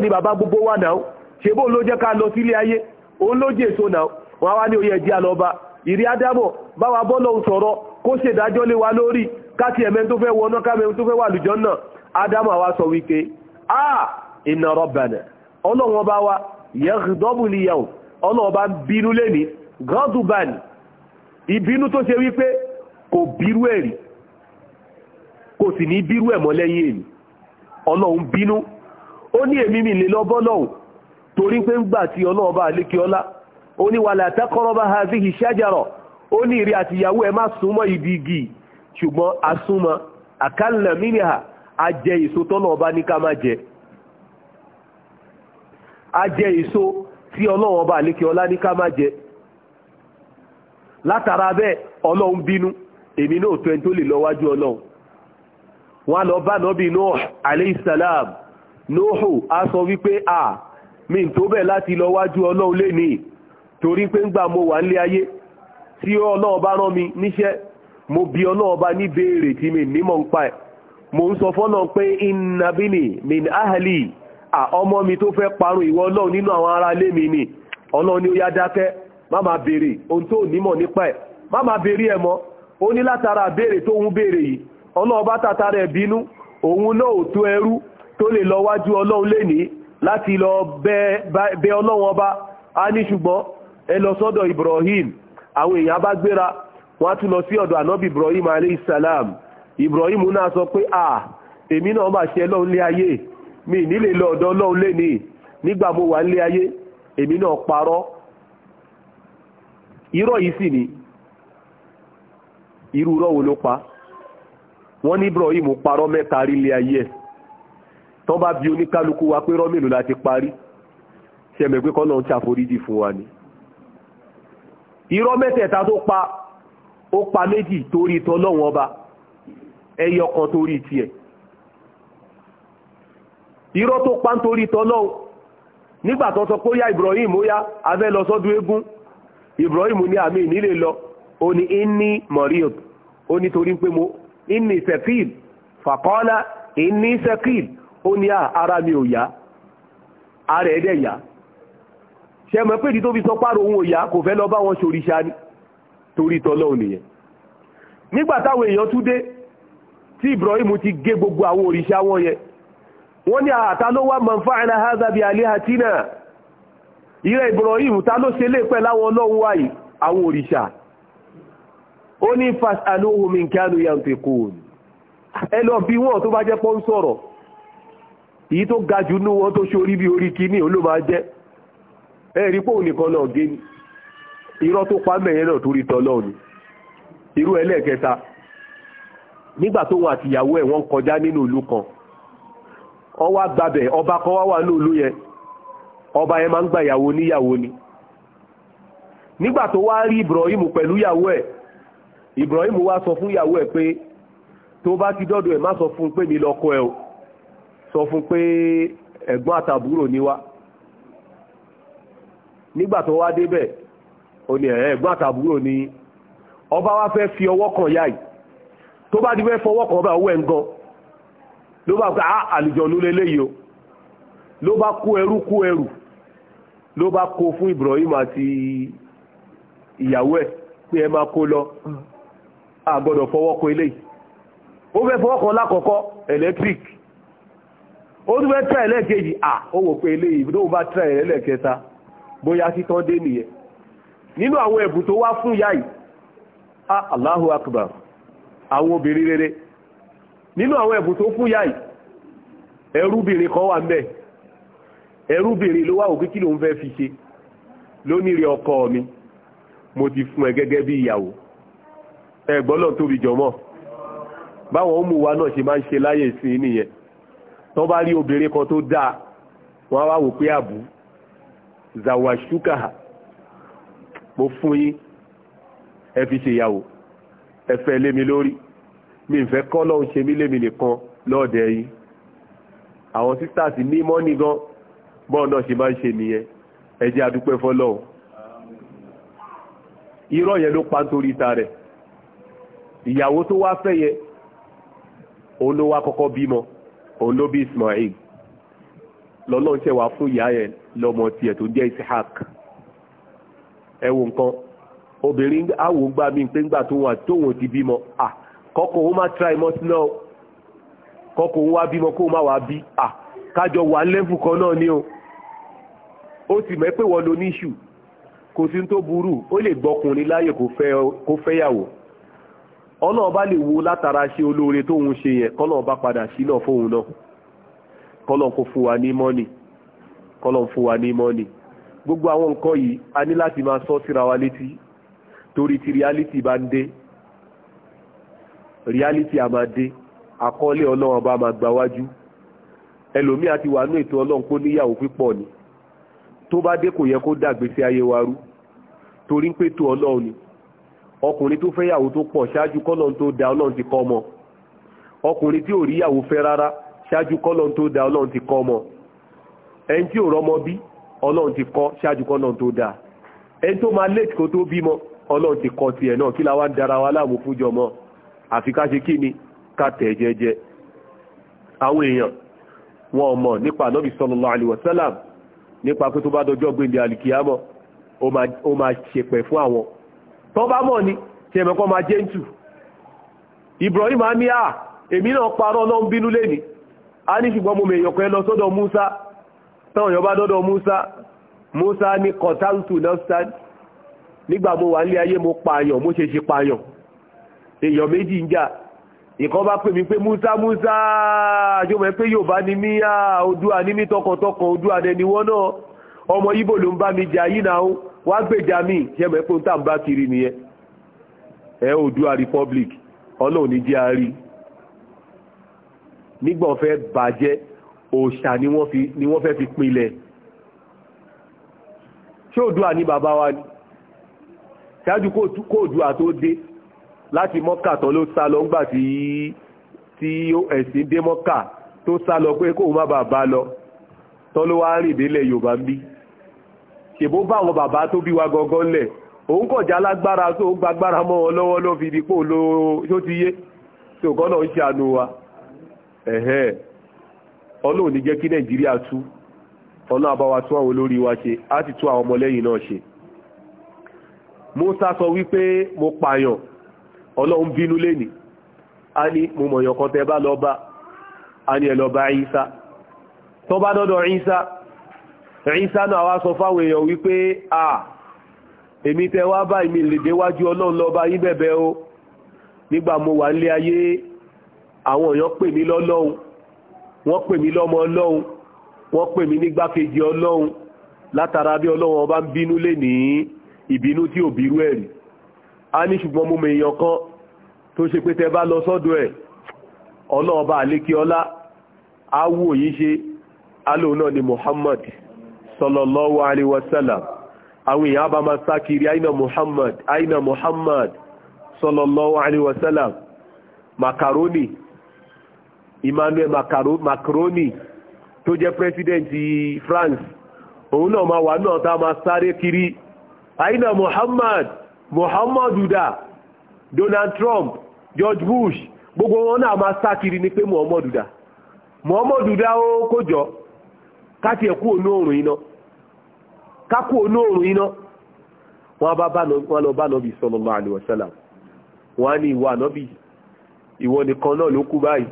ni bàbá gbogbo wà náà ṣe bó ló jẹ́ ká lọ sílé ayé òun ló jẹ́ èso náà wọ́n wá ní wa bọ́ lọ́hùn iná rọ́bànà ọlọ́run ọba wa yẹ́gdọ́bù níyàwó ọlọ́run ọba bínú lẹ́ni gọ́dùbàn ìbínú tó ṣe wípé kò bírú èrì kò sì ní bírú ẹ̀ lẹ́yìn èrì ọlọ́run bínú ó ní èmi mi lè lọ́bọ́ torí pé ń gbà tí ó ní a jẹ tí ọlọ́run ọba ọlá ní ká má jẹ látara bẹ́ẹ̀ ọlọ́run bínú èmi náà tó ẹni tó lè lọ wájú wọn lọ bá nọ́bí a sọ wípé a mi tó bẹ̀ láti lọ wájú ọlọ́run torí pé ń gbà mo wà nílé ayé tí bá rán mo bi bá tí mi nímọ̀ ń pa ẹ̀ mo ń sọ fọ́nà pé ọmọ mi tó fẹ́ parun ìwọ ọlọ́run nínú àwọn ará ilé mi ni ọlọ́run ni ó yá dákẹ́ má ohun tó nímọ̀ nípa ẹ̀ má ma béèrè ẹ̀ mọ́ ó ní látara tó ń béèrè yìí ọlọ́run bá tatara ẹ̀ bínú òun náà ò tó ẹrú tó lè ọba a ní ṣùgbọ́n Ibrahim àwọn èèyàn bá gbéra á tún lọ sí Ibrahim Ibrahim náà sọ pé à èmi náà ṣe ọlọ́run mi nílé lọ ọ̀dọ̀ ọlọ́run lẹ́ni nígbà mo wà nílé ayé èmi náà parọ́ irọ́ yìí sì ni irú irọ́ wo ló pa wọ́n ní Ibrahim parọ́ mẹ́ta rí ilé ayé ẹ̀ tán bá bi oníkálukú wa pé rọ́mìlú la ti parí ṣẹ̀mẹ̀ pé kọ́nà ń ṣàforíjì fún wa ni irọ́ mẹ́tẹ̀ẹ̀ta tó pa ó pa méjì torí tọ́lọ́wọ́n ọba ẹyọ kan torí tiẹ̀ irọ́ tó pa nítorí tọ́lọ́hùn nígbà tó sọ pé ó yá Ibrahim ó yá abẹ́ lọ sọ́dún eégún Ibrahim ní àmì ìnílé lọ ó ní inni mọ̀ríọ̀ ó ní torí pé mo inni sẹ́kìl fàkọ́lá inni sẹ́kìl ó ní ara mi ò yá ara ẹ̀dẹ̀ yá ṣe mọ̀ pé ìdí tó fi sọ pààrọ̀ òun ò yá kò fẹ́ lọ bá wọn ṣòrìṣà ni torí tọ́lọ́hùn nìyẹn nígbà táwọn èèyàn tún dé tí Ibrahim ti gé gbogbo àwọn òrìṣà wọn yẹn wọ́n ni àtà ah, ló wá man fa'ala hadha bi alihatina ìrẹ́ Ibrahim ta ló se lè pẹ́ láwọn ọlọ́run wáyìí àwọn òrìṣà ó ní fas'aluhum min kanu yantiqun ẹ lọ bí wọ́n tó bá jẹ́ pọ́ ń sọ̀rọ̀ èyí tó ga jù nú wọn tó ṣe orí bí orí jẹ́ ní nígbà tó wọn àtìyàwó ẹ̀ wọ́n kọjá nínú kan ọwọ́ àgbàbẹ̀ ọba kọwa wà lóòlú yẹn ọba yẹn máa gba ìyàwó níyàwó ni nígbà tó wá rí Ibrahim pẹ̀lú ìyàwó ẹ̀ Ibrahim wá sọ fún ìyàwó ẹ̀ pé tó bá ti dọ́dọ̀ ẹ̀ sọ fún un pé mi lọ́kọ ẹ̀ o sọ fún un pé ẹ̀gbọ́n àtàbúrò ni wá nígbà tó wá débẹ̀ ó ni ọba wá fẹ́ fi ọwọ́ kan yá yìí tó bá kan ọba ọwọ́ ẹ̀ ló bá gbá ah, àlùjọ̀nú lélẹ́yìí o ló bá kó ẹrú kó ẹrù ló bá kó fún Ibrahim àti ìyàwó ẹ̀ pé ẹ máa kó lọ àgbọ́dọ̀ fọwọ́ kọ eléyìí ó fẹ́ fọwọ́ kan lákọ̀ọ́kọ́ electric ó tún fẹ́ tẹ̀ ẹlẹ́ẹ̀kejì à ó wò pé eléyìí ló bá tẹ̀ ẹlẹ́ẹ̀kẹta bóyá títọ́ dé nìyẹn nínú àwọn ẹ̀bùn tó wá fún yáì ah Allahu Akbar àwọn obìnrin rere nínú àwọn ẹ̀bùn tó fún yáì ẹrúbìnrin kan wà mẹ́ ẹrúbìnrin ló wà òkú kí ló ń fẹ́ fi ṣe lónìí ọkọ mi mo ti fún ẹ gẹ́gẹ́ bí ìyàwó ẹgbọ́n náà tóbi jọmọ́ báwọn ó wa náà ṣe máa ń ṣe láyè sí i nìyẹn tó bá rí obìnrin kan tó dáa wọ́n wá wò pé àbú zawashuka mo fún yín ẹ fi ṣèyàwó ẹ fẹ́ lé mi lórí mi ń fẹ́ kọ́ lọ́hùn ṣe mí lémi nìkan lọ́ọ̀dẹ yìí àwọn sisters ní mọ́nì gan bọ́ọ̀ náà ṣe máa ń ṣe nìyẹn ẹ jẹ́ adúpẹ́ fọ́lọ́hùn irọ́ yẹn ló pa nítorí ta rẹ̀ ìyàwó tó wá fẹ́ yẹ òun ló wá kọ́kọ́ bímọ òun ló bí Ismail lọ́lọ́run ṣe wá fún ìyá yẹn lọ́mọ tiẹ̀ tó jẹ́ Ishaq ẹ wo obìnrin àwọn gbà mí pé ńgbà tó wà tóun ti bímọ à kọ́kọ́ òun má try mọ́ sí náà kọ́kọ́ òun wá bímọ kó má wá bí à kájọ wà lẹ́fù kan náà ni o ó sì mẹ́ pé wọ́n lo níṣù kò sí tó burú ó lè gbọ́kùnrin láyè kó fẹ́yàwó ọlọ́ọ̀ bá lè wo látara ṣe olóore tó ń ṣe yẹn kọ́lọ̀ bá padà sí náà fóun náà kọ́lọ̀ kó fún wa ní mọ́nì kọ́lọ̀ fún wa ní mọ́nì gbogbo àwọn nǹkan yìí a ní láti máa sọ síra wa létí torí ti reality bá ń dé reality a máa dé àkọọ́lẹ̀ ọlọ́run ọba máa gba wájú ẹlòmíì àti wà ní ètò ọlọ́run kó níyàwó pípọ̀ ni tó bá dé kò yẹ kó dàgbé sí ayé wa rú torí pé tó ọlọ́run ni ọkùnrin tó fẹ́yàwó tó pọ̀ ṣáájú kọ́lọ́n tó da ọlọ́run ti kọ́ ọmọ ọkùnrin tí ò ríyàwó fẹ́ rárá ṣáájú kọ́lọ́n tó da ọlọ́run ti kọ́ ọmọ ẹni tí ò rọmọ bí ọlọ́run ti kọ́ ṣáájú kọ́lọ́n tó da ẹni tó máa late kó tó bímọ ọlọ́run ti kọ́ tiẹ̀ náà kí la wá ń dara láàmú fúnjọ mọ́ àfi ká ṣe kí ni ká tẹ̀ jẹjẹ àwọn èèyàn wọn ò mọ̀ nípa ànábì sallallahu alaihi wasallam nípa pé tó bá dọjọ́ gbèndé alìkìyàmọ̀ ó máa ṣèpẹ̀ fún àwọn tó bá mọ̀ ni tí ẹ̀mẹ́kọ́ máa jẹ́ ń Ibrahim amíà èmi náà parọ́ ọlọ́run bínú lẹ́ni a ní ṣùgbọ́n mo mèèyàn pẹ́ lọ sọ́dọ̀ Musa táwọn èèyàn bá dọ́dọ̀ Musa Musa ní kọ̀táǹtù náà nígbà mo wà nílé ayé mo pààyàn mo ṣe ṣe pààyàn èèyàn méjì ń jà ìkan bá pè mí pé musa musa àjọmọ̀ pé yorùbá ni mí à odua ní mí tọkàntọkàn odua dẹni wọ́n náà ọmọ ibo ló ń bá mi jà yìí náà wá gbèjà mi ṣe mọ̀ pé ń tà ń bá kiri nìyẹn ẹ odua republic ọlọ́run ní jẹ́ àárí nígbà wọ́n bàjẹ́ òòṣà ni wọ́n fi ni wọ́n fẹ́ fi pinlẹ̀ ṣé odua ní bàbá wa ni ṣáájú kó odua tó dé láti mọ́kà tán ló sá lọ ńgbà tí tí ẹ̀sìn dé mọ́kà tó sá lọ pé kóun má bàa bá lọ tán ló wá rìn délẹ̀ yorùbá ń bí ṣèbó bá àwọn bàbá tó bí wa gangan lẹ̀ òun kọjá lágbára tó gbàgbára mọ́ wọn lọ́wọ́ ló fi dípò ló tó ti yé tí òkan náà ń ṣàánú wa ọlọ́run ní jẹ́ kí nàìjíríà tú ọlọ́run àbáwá tún àwọn olórí wa ṣe á sì tún àwọn ọmọlẹ́yìn náà ṣe Musa sọ wípé mo pààyàn ọlọ́run bínú lénìí a ní mo mọ̀ yọ̀kan tẹ bá lọ bá a ní ẹ̀lọ bá Ìsá tó bá dọ́dọ̀ Ìsá Ìsá náà wá sọ fáwọn èèyàn wípé à èmi tẹ wá bá ìmì lè déwájú ọlọ́run lọ bá yín bẹ̀bẹ̀ o nígbà mo wà nílé ìbínú tí ò bírú ẹ̀rí a ní ṣùgbọ́n mo mèèyàn kan tó ṣe pé tẹ bá lọ sọ́dọ̀ ẹ̀ ọlọ́ọ̀bá àlékíọlá á wò yí ṣe alóhùn náà ni Muhammad sallallahu alaihi wasallam àwọn èèyàn bá máa sá kiri aina Muhammad aina Muhammad sallallahu alaihi wasallam macaroni Emmanuel Makaroni. tó jẹ́ president France òun náà máa wà náà tá máa sáré kiri aina Muhammad muhammadu dà donald trump george bush gbogbo wọn náà máa sá kiri ni pé muhammadu dà muhammadu dà ó kójọ káti ẹ̀kú ònú òrùn iná kákú ònú òrùn iná wọn bá wọn lọ bá nọbì sallallahu alaihi wasallam wọn á ní ìwà nọbì ìwọ nìkan náà ló kú báyìí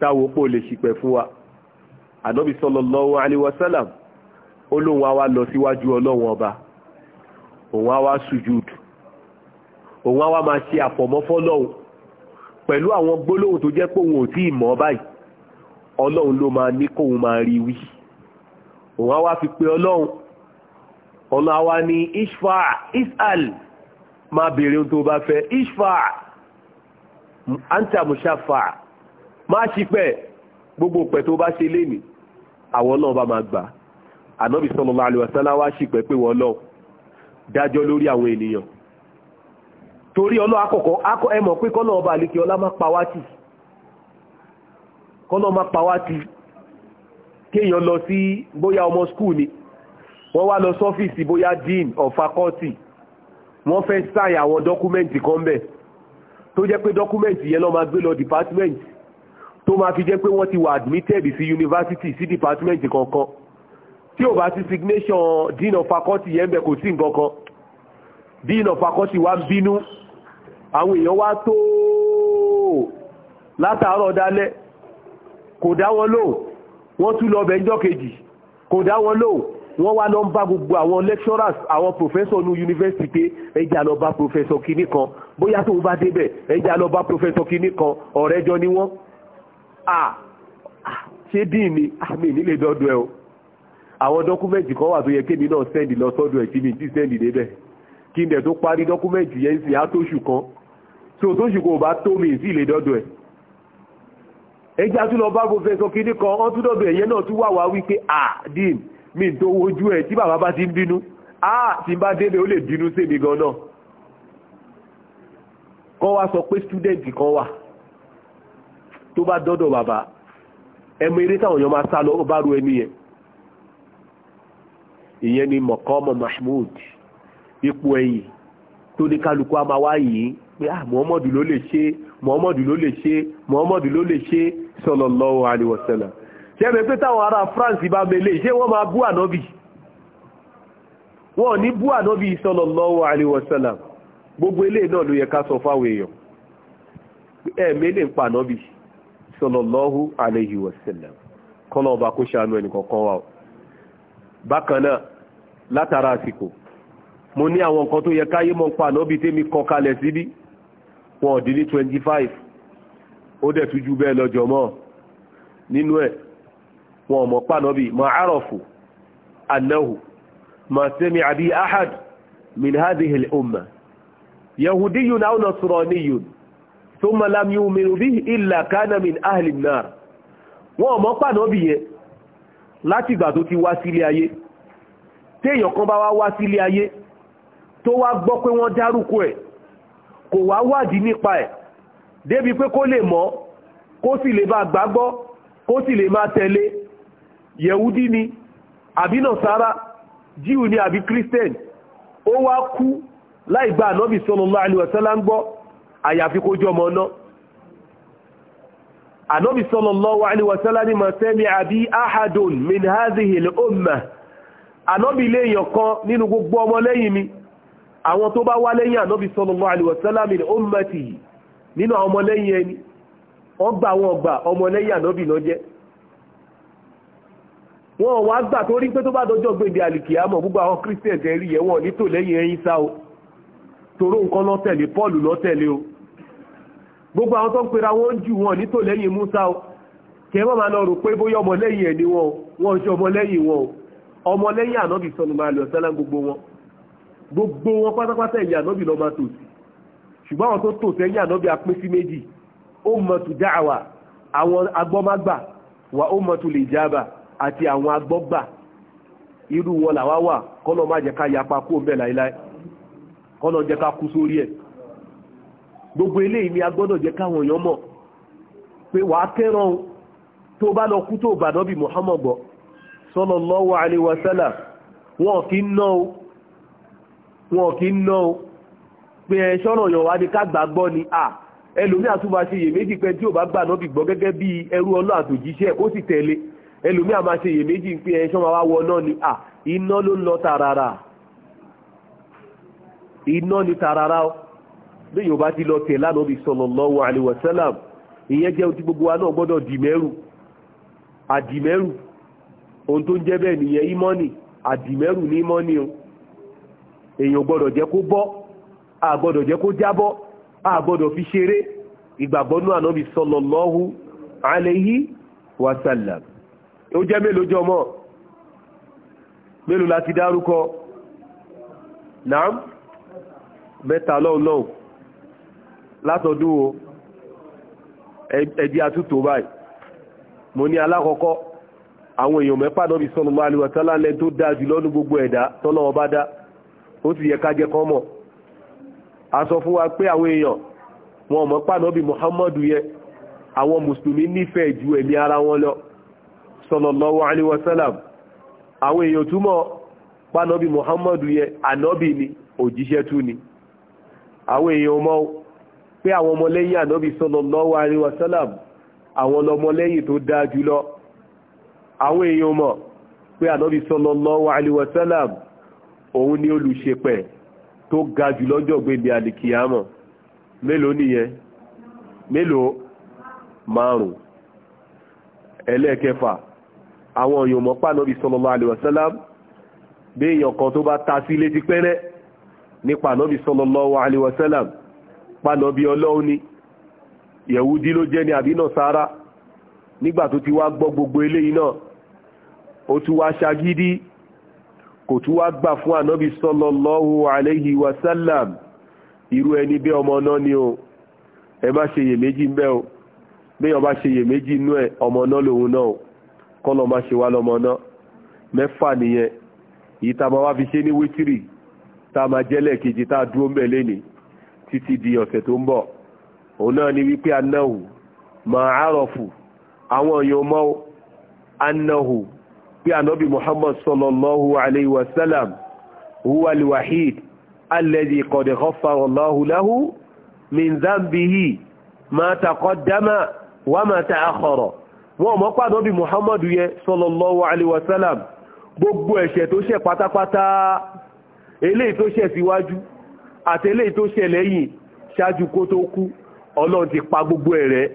táwọn opó lè ṣìpẹ̀ fún wa ànọ́bì sallallahu alaihi wasallam olóhun wa wá lọ síwájú ọlọ́run ọba òun wa wá sùjúdù òun á wá máa ṣe àfọ̀mọ́ fọ́lọ́hun pẹ̀lú àwọn gbólóhùn tó jẹ́ pé òun ò tí ì mọ̀ báyìí ọlọ́run ló máa ní kóun máa rí wí òun á fi pé ọlọ́run ọ̀nà àwa ni ishfa isal máa béèrè ohun tó bá fẹ́ ishfa anta mushafa máa ṣipẹ́ gbogbo pẹ̀ tó bá ṣe lénìí àwọn náà bá máa gbà ànábì sallallahu alaihi wasallam wá ṣipẹ́ pé wọ́n lọ dájọ́ lórí àwọn ènìyàn torí ọlọ́ akọ̀kọ́ akọ́ ẹmọ̀ pé kọ́nà ọba àlekè ọlá má pawátì kọ́nà má pawátì kéèyàn lọ sí bóyá ọmọ skul ni wọ́n wá lọ sọ́fíìsì bóyá dean of faculty wọ́n fẹ́ sáì àwọn dọ́kúmẹ́ǹtì kan bẹ̀ tó jẹ́ pé dọ́kúmẹ́ǹtì yẹn lọ́ máa gbé lọ department tó máa fi jẹ́ pé wọ́n ti wà admitted sí university sí department kankan tí ò bá sí signation dean of faculty yẹn bẹ̀ kò sí nǹkan kan dean of faculty wá bínú àwọn èèyàn wá tó látàárọ̀ dálẹ́ kò dá wọn lóò wọ́n tún lọ bẹ̀ ńjọ́ kejì kò dá wọn wọ́n wá lọ ń bá gbogbo àwọn lecturers àwọn professor ní university, pé ẹja lọ bá professor kìíní kan bóyá tó ń bá débẹ̀ ẹja lọ bá professor kìíní kan ọ̀rẹ́ jọ ni wọ́n à ṣé dín ni àmì nílé dọ́dọ̀ ẹ o àwọn dọ́kúmẹ́ǹtì kan wà tó yẹ kémi náà sẹ́ndì lọ sọ́dọ̀ ẹ̀ tí mi ti sẹ́ndì débẹ̀ kí n dẹ̀ tó parí dọ́kúmẹ́ǹtì yẹn sì á tóṣù kan so tó ṣùkò bá tó mi sí ilé dọ́dọ̀ ẹ̀ ẹjá tún lọ bá professor kìíní kan wọ́n tún dọ́dọ̀ ẹ̀yẹ náà tún wà wá wípé àdín mi tó wojú ẹ̀ tí bàbá bá ti ń bínú ah tí bá débẹ̀ ó lè bínú sí mi gan náà kan wá sọ pé student kan wà tó bá dọ́dọ̀ bàbá ẹmọ eré táwọn èèyàn máa sá lọ bá ru ẹni yẹn ìyẹn ni mọ̀kọ́mọ̀ Mahmood ipò ẹ̀yìn tó ní kálukú a máa wá yìí pé ah muhammadu ló lè ṣe muhammadu ló lè ṣe muhammadu ló lè ṣe sallallahu alaihi wasallam ṣẹ́mi pé táwọn ará france bá mẹ́lẹ̀ ṣé wọ́n máa bú ànábì wọ́n ní bú ànábì sallallahu alaihi wasallam gbogbo eléyìí náà ló yẹ ká sọ fáwọn èèyàn ẹ̀ẹ́mẹ́lẹ̀ ń pa ànábì sallallahu alaihi wasallam kọ́nà ọba kó ṣàánú ẹnìkọ̀ọ̀kan wa bákan náà látara àsìkò mo ní àwọn nǹkan tó yẹ káyé mọ́ ń pa ànábì tẹ́mi kọ kalẹ̀ síbí wọn ò dín ní twenty five ó dẹ̀ tún ju bẹ́ẹ̀ lọ́jọ́ mọ́ nínú ẹ̀ wọn ò mọ̀ pànọ́bì ma arafu annahu ma sami'a bi ahad min hadhihi al-umma yahudiyyun aw nasraniyyun thumma lam láti ìgbà tó ti wá sílé ayé téèyàn kan bá wá wá sílé ayé tó wá gbọ́ pé wọ́n dárúkọ ẹ̀ kò wá wádìí nípa ẹ̀ débi pé kó lè mọ̀ kó sì lè bá gbàgbọ́ kó sì lè máa tẹ̀lé yẹ̀wúdí ni àbí nàṣàrà jíù ni àbí christian ó wá kú láì gba ànábì sallallahu alaihi wasallam gbọ́ àyàfi kó jọmọ náà ànábì sallallahu alaihi wasallam ní ma sami'a bi ahadun min hadhihi al-ummah ànábì léèyàn kan nínú gbogbo ọmọ lẹ́yìn mi àwọn tó bá wá lẹ́yìn ànábì sallallahu alaihi wasallam min ummatihi nínú àwọn ọmọlẹ́yìn ẹni wọ́n gbà wọn gbà ọmọlẹ́yìn ànábì lọ jẹ́ wọn wá gbà tó rí pé tó bá dọjọ́ gbèdé àlìkìyàmọ̀ gbogbo àwọn christians ẹ̀rí yẹ nítò lẹ́yìn ẹyin sá o toró nǹkan lọ́tẹ̀lé paul lọ́tẹ̀lé o gbogbo àwọn tó ń pera wọn jù wọn nítò lẹ́yìn musa o kẹ́ mọ́ máa lọ rò pé bóyá ọmọlẹ́yìn ẹ̀ ni wọn o wọn ṣe ọmọlẹ́yìn wọn o ọmọlẹ́yìn ànábì sọnù máa lọ sẹ́lá gbogbo wọn gbogbo wọn pátápátá ẹ̀yìn ànábì lọ́ máa tò ṣùgbọ́n àwọn tó tò sẹ́yìn ànábì sí méjì ó mọ̀ dáàwà àwọn agbọ́mágbà wà ó mọ̀ lè jábà àti àwọn agbọ́gbà irú wọn wà kọ́nà má jẹ́ ká yapa kọ́nà jẹ́ ká kú sórí ẹ̀ gbogbo eléyìí ni a jẹ́ káwọn èèyàn mọ̀ pé wàá kẹ́ràn tó bá lọ kú tó wọn kì í wọn kì í ná o pé ẹ sọ́nà yàn wá ní ká gbàgbọ́ ni à ẹlòmíà tún máa ṣe iyèméjì pé tí ò bá gbà náà bì gbọ́ gẹ́gẹ́ bí ẹrú Ọlọ́run àtòjíṣẹ́ ó sì tẹ̀lé ẹlòmíà máa ṣe iyèméjì pé ẹ sọ́nà wá wọ náà ni à iná ló ń lọ tààràrà iná ni tààràrà o bí yóò ti lọ tẹ̀ lánàá bí sallallahu alaihi wasallam ìyẹn jẹ́ ti gbogbo wa náà gbọ́dọ̀ dìmẹ́rù àdìmẹ́rù ohun tó ń jẹ́ bẹ́ẹ̀ nìyẹn ìmọ́nì àdìmẹ́rù ní ìmọ́nì o èèyàn gbọ́dọ̀ jẹ́ kó bọ́ àgbọ́dọ̀ jẹ́ kó jábọ́ àgbọ́dọ̀ fi ṣeré ìgbàgbọ́ nú ànábì sallallahu alayhi wa sallam ó jẹ́ mélòó jọmọ́ mélòó láti dárúkọ naam mẹ́ta lọ́ọ̀lọ́ọ̀ látọ̀dún o ẹ̀dí àtútò báyìí mo ní alákọ̀ọ́kọ́ àwọn èèyàn mẹ́fà ànábì sallallahu alayhi wa sallam lẹ́ni tó dáa jù lọ́nu gbogbo ẹ̀dá tọ́lọ́wọ́ bá dáa ó sì yẹ ká jẹ́ kán mọ̀ a sọ fún wa pé àwọn èèyàn wọn mọ̀ pàdánbì muhammadu yẹ àwọn mùsùlùmí nífẹ̀ẹ́ ju ẹ̀mí ara wọn lọ sallallahu alaihi wasallam àwọn èèyàn túmọ̀ pàdánbì muhammadu yẹ ànábì ni òjíṣẹ́ tún ni àwọn èèyàn mọ̀ pé àwọn ọmọlẹ́yìn ànábì sallallahu alaihi wasallam àwọn ọmọlẹ́yìn tó dáa jùlọ àwọn èèyàn mọ̀ pé ànábì sallallahu alaihi wasallam òun ni olùṣepẹ̀ tó ga jù lọ́jọ́ gbèdé àlìkìyàmọ̀ mélòó nìyẹn mélòó márùn ẹlẹ́ẹ̀kẹfà àwọn èèyàn mọ̀ bí sallallahu alaihi wasallam bí èèyàn kan tó bá ta sí létí pẹ́rẹ́ nípa ànábì sallallahu alaihi wasallam pàánà bí ọlọ́run ni yẹ̀wúdí ló jẹ́ ní àbínà sára nígbà tó ti wá gbọ́ gbogbo eléyìí náà ó tún wá ṣagídí kò tún wá gbà fún ànábì sallallahu alayhi wa sallam irú ẹni bẹ́ẹ̀ ọmọ náà ni o ẹ má ṣe iyèméjì ń bẹ́ o béèyàn bá ṣe iyèméjì inú ẹ ọmọ náà lòun náà o kọ́ lọ́ má ṣe wá lọ́mọ náà mẹ́fà nìyẹn èyí tá a máa wá fi ṣe ní wítìrì tá a máa jẹ́lẹ̀ kejì tá a dúró ń bẹ̀ lénìí títí di ọ̀sẹ̀ tó ń bọ̀ òun náà ni wípé anáhù màá àrọ̀fù àwọn èèyàn mọ́ anáhù pé ànábì muhammad sallallahu alayhi wa sallam huwa alwahid alladhi qad ghaffara allahu lahu min dhanbihi ma taqaddama wa ma ta'akhkhara wọ́n mọ̀ pé ànábì muhammad yẹ sallallahu alayhi wa sallam gbogbo ẹ̀ṣẹ̀ tó ṣẹ̀ pátápátá eléyìí tó ṣẹ̀ síwájú àti eléyìí tó ṣẹ̀ lẹ́yìn ṣáájú kó tó kú ọlọ́run ti pa gbogbo ẹ̀rẹ́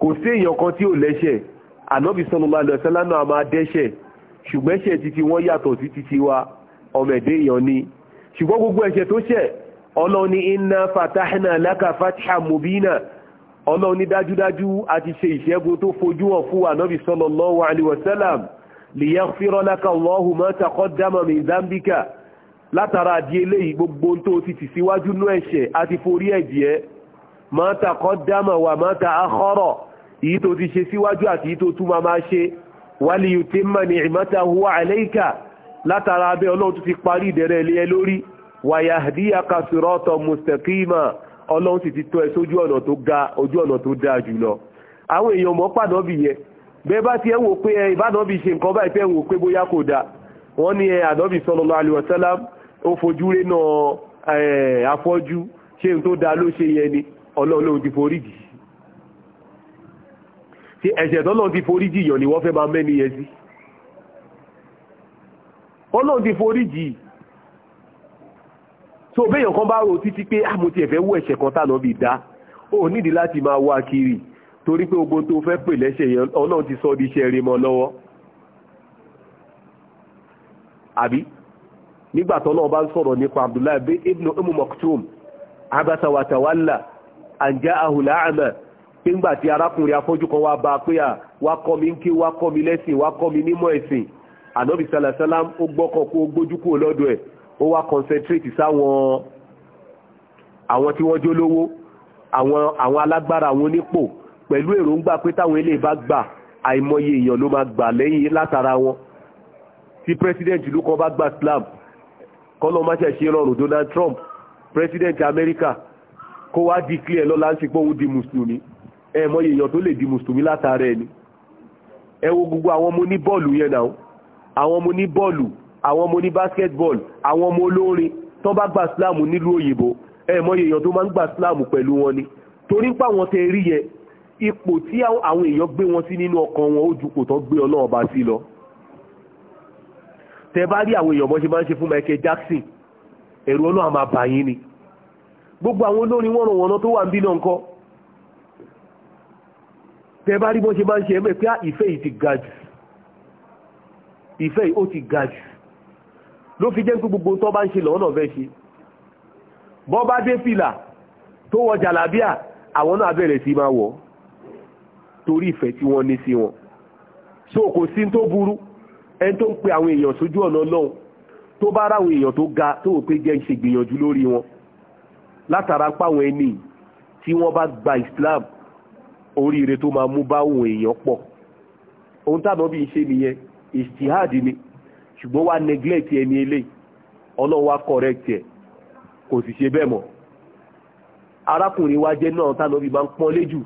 kò sí èèyàn kan tí ò lẹ́ṣẹ̀ ànábì sallallahu alayhi wa sallam dẹ́ṣẹ̀ ṣùgbọ́n ẹ̀ṣẹ̀ títí wọ́n yàtọ̀ sí títí wa ọmọ ẹ̀dẹ́ èèyàn ni ṣùgbọ́n gbogbo ẹ̀ṣẹ̀ tó ṣẹ̀ ọlọ́ni inna fatahna laka fatha mubina ọlọ́ni dájúdájú àti ṣe ìṣẹ́gun tó fojú hàn fún ànábì sallallahu alaihi wasallam liyaghfira laka Allahu ma taqaddama min dhanbika látara àdí eléyìí gbogbo tó ti tì síwájú wàlíyùtímà ní ìmọ́ta huwa àlẹ́ìkà látara abẹ́ ọlọ́run tó fi parí ìdẹ̀rẹ̀ ilé ẹ lórí wàyàdíyàká sírọ́tọ̀ mùsẹ̀kímà ọlọ́run sì ti tọ́ ẹ sójú ọ̀nà tó ga ojú ọ̀nà tó dáa jùlọ àwọn èèyàn mọ́ pàdánbì yẹ bẹ́ẹ̀ bá ti ẹ̀ pé ẹ ìbádọ́bì ṣe nǹkan báyìí pé wò pé bóyá kò dáa wọ́n ní ẹ àdọ́bì sallallahu alaihi wasallam ó fojú rénà afọ́jú ṣé n tó dáa ló ṣe yẹ ni ọlọ́run ti forí jì tí ẹ̀ṣẹ̀ tọ́lọ́n ti forí jìyàn ni wọ́n fẹ́ máa mẹ́ni yẹn sí ọlọ́run ti forí jì so béèyàn kan bá rò títí pé àmọ́ ah, ti ẹ̀fẹ́ wú ẹ̀ṣẹ̀ kan tà lọ́bì dá ó nídi láti máa wá kiri torí pé ogun tó fẹ́ pè lẹ́ṣẹ̀ yẹn ọlọ́run ti sọ di iṣẹ́ rí lọ́wọ́ àbí nígbà tọ́lọ́run bá ń sọ̀rọ̀ nípa Abdullahi ibn Umm Maktum abasa anja ahula pé ńgbà tí arákùnrin afọ́jú kan wá bá a pé à wá kọ́ mi ń ké wá kọ́ mi lẹ́sìn wá kọ́ mi nímọ̀ ẹ̀sìn ànábì sàlàsàlám ó gbọ́kàn kó gbójú kúrò lọ́dọ̀ ẹ̀ ó wá concentrate sáwọn àwọn tí wọ́n jó lówó àwọn àwọn alágbára àwọn onípò pẹ̀lú èròǹgbà pé táwọn ilé bá gbà àìmọye èèyàn ló máa gbà lẹ́yìn látara wọn tí president ìlú kan bá gba slam kọ́nà má ṣe ṣe rọrùn Donald Trump president America kó wá di clear lọ́la ń ṣe pé òun di mùsùlùmí ẹ mọ èèyàn tó lè di mùsùlùmí látara ẹni ẹ wo gbogbo àwọn ọmọ ní bọ́ọ̀lù yẹn náà àwọn ọmọ ní bọ́ọ̀lù àwọn ọmọ ní basketball àwọn ọmọ olórin tó bá gba síláàmù nílùú òyìnbó ẹ mọ èèyàn tó máa ń gba síláàmù pẹ̀lú wọn ni torí ń pa àwọn tẹ rí yẹn ipò tí àwọn èèyàn gbé wọn sí nínú ọkàn wọn ó ju kò tó gbé ọlọ́run ọba sí lọ tẹ bá rí àwọn èèyàn bó ṣe máa ń ṣe fún Michael Jackson ẹ̀rù ọlọ́run àmàbàyín ni gbogbo àwọn olórin wọ́n ràn wọ́n tó wà ń bí náà ń tẹ bá rí bó ṣe máa ń ṣe ẹ̀mẹ́ pé ah, ìfẹ́ yìí ti ga jù ìfẹ́ yìí ó ti ga jù ló fi jẹ́ gbogbo tó bá ń ṣe lọ́nà fẹ́ ṣe bọ́ bá dé fìlà tó wọ jàlábíà àwọn náà bẹ̀rẹ̀ sí máa wọ̀ torí ìfẹ́ tí wọ́n ní sí wọn so kò sí tó burú ẹni tó ń pe àwọn èèyàn sójú ọ̀nà Ọlọ́run tó bá ráwọn èèyàn tó ga tó wò pé jẹ́ ń ṣe gbìyànjú lórí wọn látara páwọn ẹni tí wọ́n bá gba Islam oríire tó máa mú bá òun èèyàn pọ̀ ohun táwọn bí n ṣe nìyẹn istihad ni ṣùgbọ́n wá neglect ẹni ilé ọlọ́run wá correct ẹ̀ kò ṣe bẹ́ẹ̀ arákùnrin wa jẹ́ náà táwọn bí máa ń pọ́n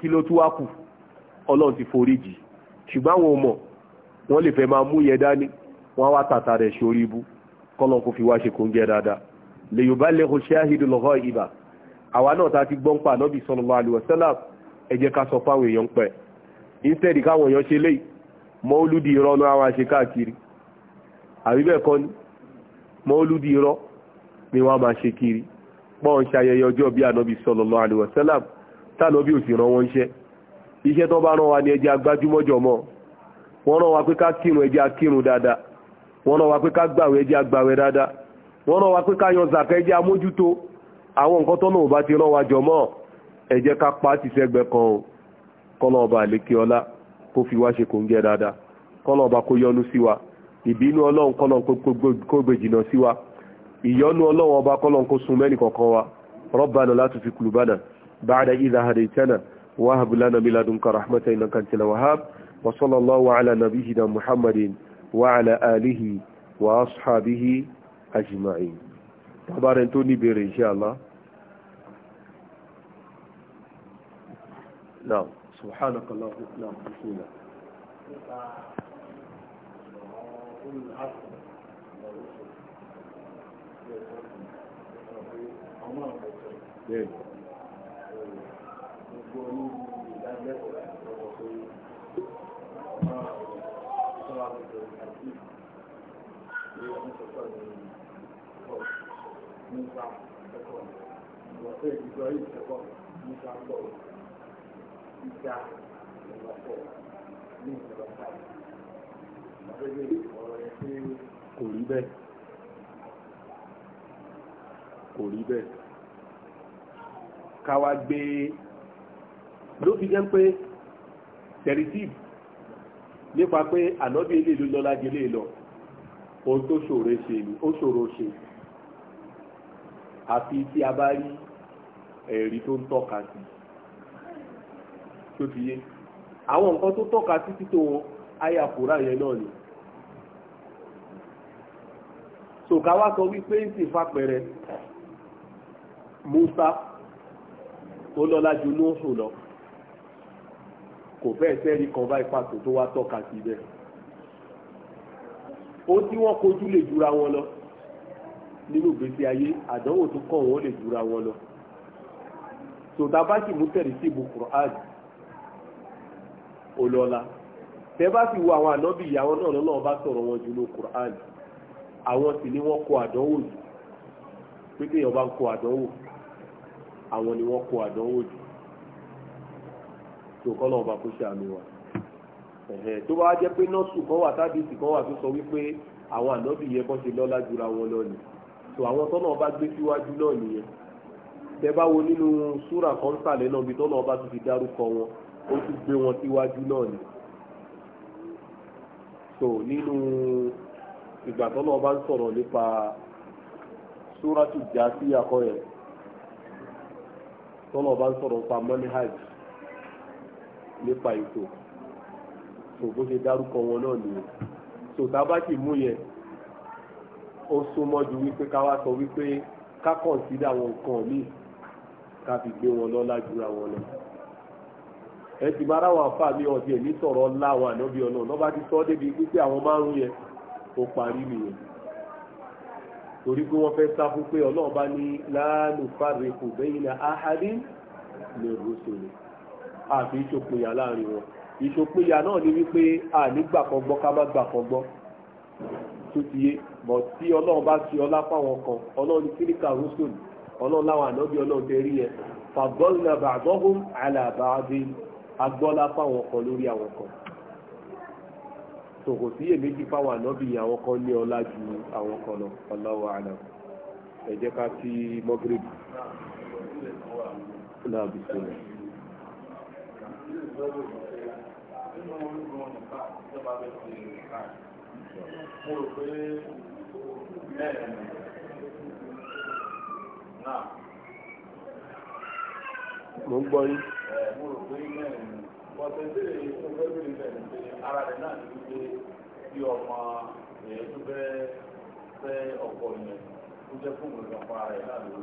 kí ló tún wá kù ọlọ́run ti forí jì ṣùgbọ́n àwọn ọmọ lè fẹ́ máa mú yẹn dání wá tàtà rẹ̀ ibú kọ́lọ́n kò fi wá ṣe dáadáa lè yorùbá lè àwa náà ta ti gbọ́n pa ànábì sallallahu alaihi wasallam ẹ jẹ́ ká sọ fáwọn èèyàn pẹ̀ instead káwọn èèyàn ṣe léyìí mọ́ọ́lùdì irọ́ náà wá ṣe káàkiri àbí bẹ́ẹ̀ kọ́ ni irọ́ ni wọ́n máa ṣe kiri pọ́n ṣe ayẹyẹ ọjọ́ bí ànábì sallallahu alaihi wasallam tànábì ò sì rán wọn iṣẹ́ iṣẹ́ tó bá rán wa ní ẹjẹ́ agbájúmọ́jọ mọ́ wọ́n rán wa pé ká kírun ẹjẹ́ akírun dáadáa wọ́n rán wa pé ká gbàwẹ̀ ẹjẹ́ agbàwẹ̀ dáadáa wọ́n rán wa pé ká yan zàkà ẹjẹ́ amójútó àwọn nǹkan tọ́nà ò bá ti rán wa jọ mọ́ ẹ jẹ́ ká pa ti sẹ́gbẹ́ kan o kọ́nà ọba àlékè ọlá kó fi wá ṣe kò ń jẹ́ dáadáa kọ́nà ọba kó yọ́nú sí wa ìbínú ọlọ́run kọ́nà kó gbé jìnnà sí wa ìyọ́nú ọlọ́run ọba kọ́nà kó sun mẹ́nì kọ̀ọ̀kan wa rabbana la tuzigh qulubana ba'da idh hadaytana wa hab lana min ladunka rahmatan innaka antal wahhab wa sallallahu ala nabiyyina muhammadin wa ala alihi wa ashabihi ajma'in tabarin tó níbèrè insha Allah náà subhanakallah náà bisimila Bẹ́ẹ̀ni. Thank you nípa ẹ̀kọ́ ìwọ̀fẹ́ ìjọ ìṣẹ́kọ̀ nípa pọ̀ ìjà ìwọ̀fọ̀ ní ìjọba táyì. Àgbẹ̀gbẹ̀ ọ̀rọ̀ ẹ̀ pé kò rí bẹ́ẹ̀. Kò rí bẹ́ẹ̀. Káwa gbé e. ló fi jẹ́ pé tẹ̀rìtìf nípa pé ànábì ilé lọ́lá jẹ́ lé lọ. Ohun tó ṣòro ṣe ni, ó ṣòro ṣe àfi tí a bá rí ẹ̀rí tó ń tọ́ka sí tó fi yé àwọn nǹkan tó tọ́ka sí títò wọn àyà kúrà yẹn náà ni sòká wá sọ wípé ń sì fapẹ̀rẹ̀ Musa tó lọ́lá ju Nóòsù lọ kò fẹ́ sẹ́rí kan bá ipa tó tó wá tọ́ka sí bẹ́ẹ̀ ó tí wọ́n kojú lè jura wọn lọ nínú ìgbésí ayé àdánwò tó kàn wọ́n lè jura wọn lọ tòtá bá sì mú sí Qur'an olóla tẹ bá sì wo àwọn ànábì ìyàwó náà lọ́nà bá sọ̀rọ̀ wọn jù Qur'an àwọn sì ni wọ́n kọ àdánwò jù pé kéèyàn bá ń ni wọ́n kọ àdánwò jù náà kó wa tó bá jẹ́ pé nọ́ọ̀sù kan wà tábìsì kan wà tó sọ wípé àwọn ànábì yẹn tó àwọn tọ́nà ọba gbé síwájú náà nìyẹn tẹ bá wo nínú súrà kan sàlẹ̀ náà bí tọ́nà ọba tún fi dárúkọ wọn ó tún gbé wọn síwájú náà ni so nínú ìgbà tọ́nà ọba ń sọ̀rọ̀ nípa súrà tún já sí akọ yẹn tọ́nà ọba ń sọ̀rọ̀ nípa manhaj nípa ètò so bó ṣe dárúkọ wọn náà nìyẹn so tá a bá sì mú yẹn ó súnmọ́ ju wípé ká wá sọ wípé ká kọ̀ǹsídà àwọn nǹkan míì ká fi gbé wọn lọ́lá jura wọn lọ ẹ ti bára wọn àfa mi ọdí ẹni sọ̀rọ̀ ńlá wọn ànábì ọlọ lọba ti sọ débi wípé àwọn márùn yẹn ó parí nìyẹn torí pé wọ́n fẹ́ sá fún pé Ọlọ́run bá ní láàánú fárẹkù bẹyìn náà ahadi ní rọsọlẹ àfi ìṣòpinya láàrin wọn ìṣòpinya náà ni wípé ànígbà kan gbọ́ ká má gbà kan gbọ́ tó ti yé bọ̀ tí ọlọ́run bá ti ọlá fáwọn kan ọlọ́run ní síríkà rúṣùn ọlọ́run láwọn ànábì ọlọ́run tẹ rí yẹn fàgbọ́nà bàbọ́hùn àlàbàdé agbọ́lá fáwọn kan lórí àwọn kan tòkò sí èméjì fáwọn ànábì àwọn kan ní ọlá ju àwọn kan lọ ọlọ́wọ́ àná ẹ jẹ́ ká sí mọ́gírèdì náà bí sílẹ̀. Thank you. mo rò pé ẹ̀ẹ̀mì náà mo ń gbọ́ yín. mo rò pé ẹ̀ẹ̀mì ara rẹ̀ náà ti gbé bí ọmọ èyí tó fẹ́ fẹ́ ọkọ̀ yẹn tó jẹ́ fún òun ìgbà ara rẹ̀ náà lórí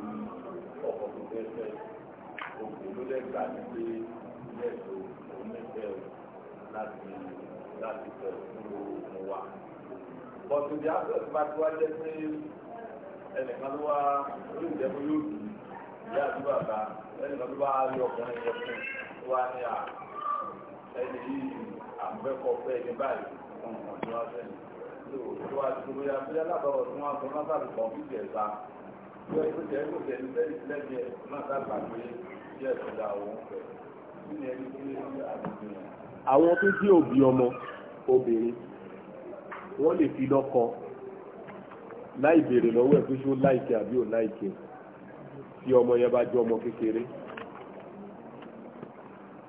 bọ̀tù bí afẹ́ bá ti wá jẹ́ ẹnìkan ló wá yóò jẹ́ yóò dùn ìyá àdúgbò àgbà ẹnìkan ló bá rí ọkùnrin yẹn fún un wá ní ẹni yìí báyìí bí alábọ̀rọ̀ tí wọ́n sọ náà tó ẹni wọ́n lè fi lọ́kọ láì béèrè lọ́wọ́ ẹ̀ pé ṣó láìkè àbí ò láìkè tí ọmọ yẹn bá jẹ́ ọmọ kékeré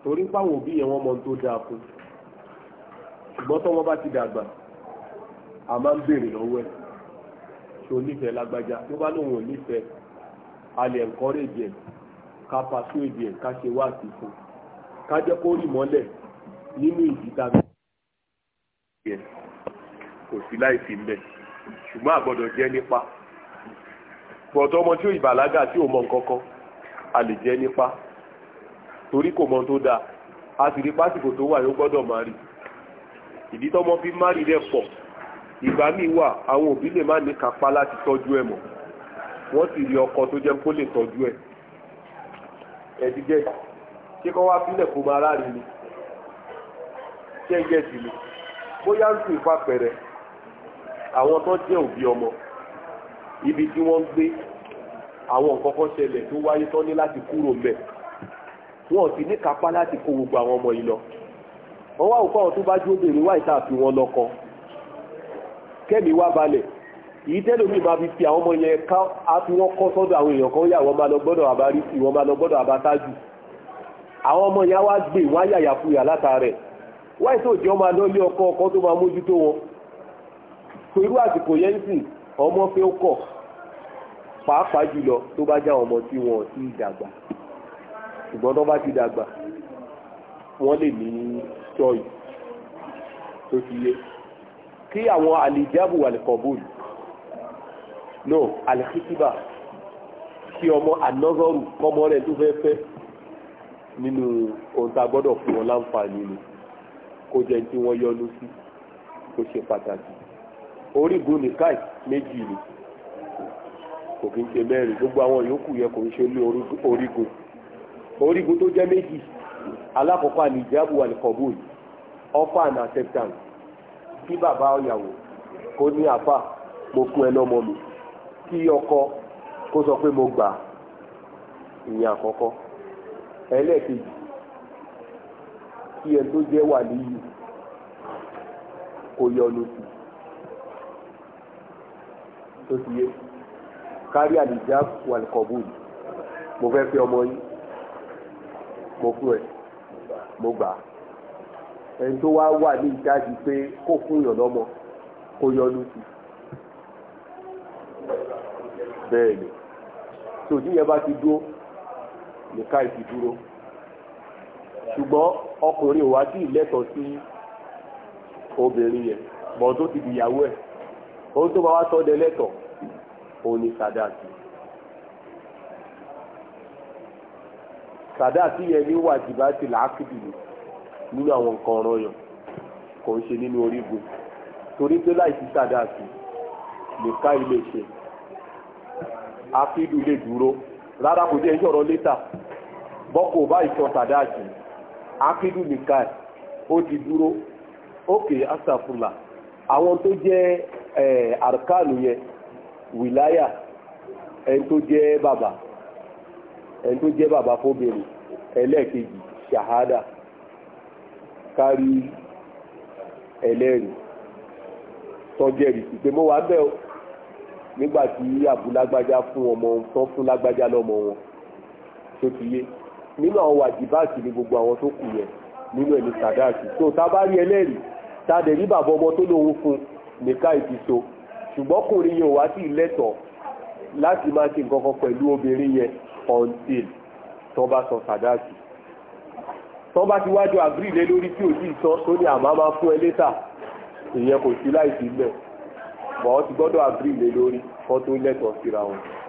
torí páwọn òbí yẹn wọ́n mọ tó dáa fún ṣùgbọ́n tọ́mọ bá ti dàgbà a máa ń béèrè lọ́wọ́ ẹ̀ ṣó nífẹ̀ẹ́ lágbájá tó bá lóun ò nífẹ̀ẹ́ a lè encourage ẹ̀ ká paṣó èdè ẹ̀ ká ṣe wá àtìfún ká jẹ́ kó rí mọ́lẹ̀ nínú ìdí kò sí láì fi mbẹ ṣùgbọ́n àgbọ́dọ̀ jẹ́ nípa pọ̀tọ́ ọmọ tí ò ìbàlágà tí ò mọ nǹkan kan a lè jẹ́ nípa torí kò mọ tó dáa a sì rí pásìkò tó wà ló gbọ́dọ̀ máa rí ìdí tọ́mọ fi má rí rẹ̀ pọ̀ ìgbà míì wà àwọn òbí lè má ní kápá láti tọ́jú ẹ̀ mọ́ wọ́n sì rí ọkọ tó jẹ́ kó lè tọ́jú ẹ̀ ẹ̀dígẹ́ ṣé kọ́ wá sílẹ̀ kó máa rárin ni ṣé ẹ̀jẹ̀ sì ni bóyá ń sùn ìfapẹ̀rẹ̀ àwọn tó jẹ́ òbí ọmọ ibi tí wọ́n ń gbé àwọn nǹkan kan ṣẹlẹ̀ tó wáyé tán ní láti kúrò mbẹ̀ wọn ti ní kápá láti kó gbogbo àwọn ọmọ yìí lọ wọn wá òkú àwọn tó bá jó obìnrin wá ìta fi wọn lọ́kọ kẹ́mi wá balẹ̀ èyí tẹ́lómi máa fi fi àwọn ọmọ yẹn ká á fi wọ́n kọ́ àwọn èèyàn kan yà wọ́n máa lọ gbọ́dọ̀ àbáríṣì wọ́n máa lọ gbọ́dọ̀ àbátájù àwọn ọmọ yẹn wá gbé wọ́n á yàyà fúyà látàrẹ̀ wáyé tó jẹ́ ọmọ adọ́lé ọkọ ọkọ tó máa mójútó wọn so irú àsìkò yẹn ń sìn ọmọ fẹ́ ó kọ̀ pàápàá jùlọ tó bá já ọmọ tí wọn ti dàgbà ṣùgbọ́n tó bá ti dàgbà wọ́n lè ní choice tó ti yé kí àwọn àlìjábù àlìkọ̀bùl no àlìkítìbà kí ọmọ ànọ́gọ́rù kọ́mọ rẹ̀ tó fẹ́ fẹ́ nínú ohun tá a gbọ́dọ̀ fún wọn láǹfààní ni kó jẹ́ tí wọ́n yọ́nú sí kó ṣe pàtàkì orígun nìkáì méjì ni kò kí n ṣe mẹ́rin gbogbo àwọn yòókù yẹ kò ń ṣe ní orígun orígun tó jẹ́ méjì alákọ̀ọ́kọ́ àlìjáàbù àlìkọ̀bù offer and acceptance kí bàbá ọ̀yàwó kó ní àfà mo fún ẹ lọ́mọ mi kí ọkọ kó sọ pé mo gbà ìyẹn àkọ́kọ́ ẹlẹ́ẹ̀kejì kí ẹ tó jẹ́ wà níyì kò yọ sí i tó ti yé kárí àlìjá wà ní kọ̀bùlù mo fẹ́ fẹ́ ọmọ yìí mo fún ẹ mo gbà á ẹni tó wá wà ní ìdájí pé kó fún yàn lọ́mọ kó yọ lùtù bẹ́ẹ̀ ni tòdí yẹn bá ti dúró nìka ìfi dúró ṣùgbọ́n ọkùnrin ò wá sí ìlẹ́tọ̀ọ́ sí obìnrin yẹn bọ́n tó ti dìyàwó ẹ̀ ohun tó bá wá sọ ọdẹ lẹ́tọ̀ òun ni sàdáàtì sàdáàtì yẹn ní wàjibáàtì làákìdì nínú àwọn nǹkan ọ̀ràn yàn kò ń ṣe nínú orígun torí pé láì sí sàdáàtì nìka ilé ṣe akídù lè dúró rárá kò dé ẹjọ́ ọ̀rọ̀ létà bọ́kò bá ìtàn sàdáàtì akídù nìka ó ti dúró ókè asàfùlà àwọn tó jẹ́ àrkánù yẹn wìláyà ẹni tó jẹ́ bàbá ẹni tó jẹ́ bàbá fóbìnrin ẹlẹ́ẹ̀kejì ṣàhádà kárí ẹlẹ́rìí tọ́jẹ́rì sí pé mo wà bẹ́ẹ̀ o nígbà tí àbúlágbájá fún ọmọ tán fún lágbájá lọ́mọ wọn tó ti yé nínú àwọn wàjibáàsì ni gbogbo àwọn tó kù yẹn nínú ẹni sàdáàsì tó tá a bá rí ẹlẹ́rìí tàdé rí bàbá ọmọ tó lówó fún nìka ìfiso ṣùgbọ́n kùnrin yẹn ò wá sí ìlẹ́tọ̀ láti máa ṣe nǹkan kan pẹ̀lú obìnrin yẹn until tó bá sọ sàdáàkì tó bá ti wájú àgírí lé lórí tí ò sí tó ní àmá máa fún ẹ létà ìyẹn kò sí láì sí mẹ́ bọ̀ ọ́ ti gbọ́dọ̀ àgírí lé lórí kó tó lẹ́tọ̀ọ́ síra wọn.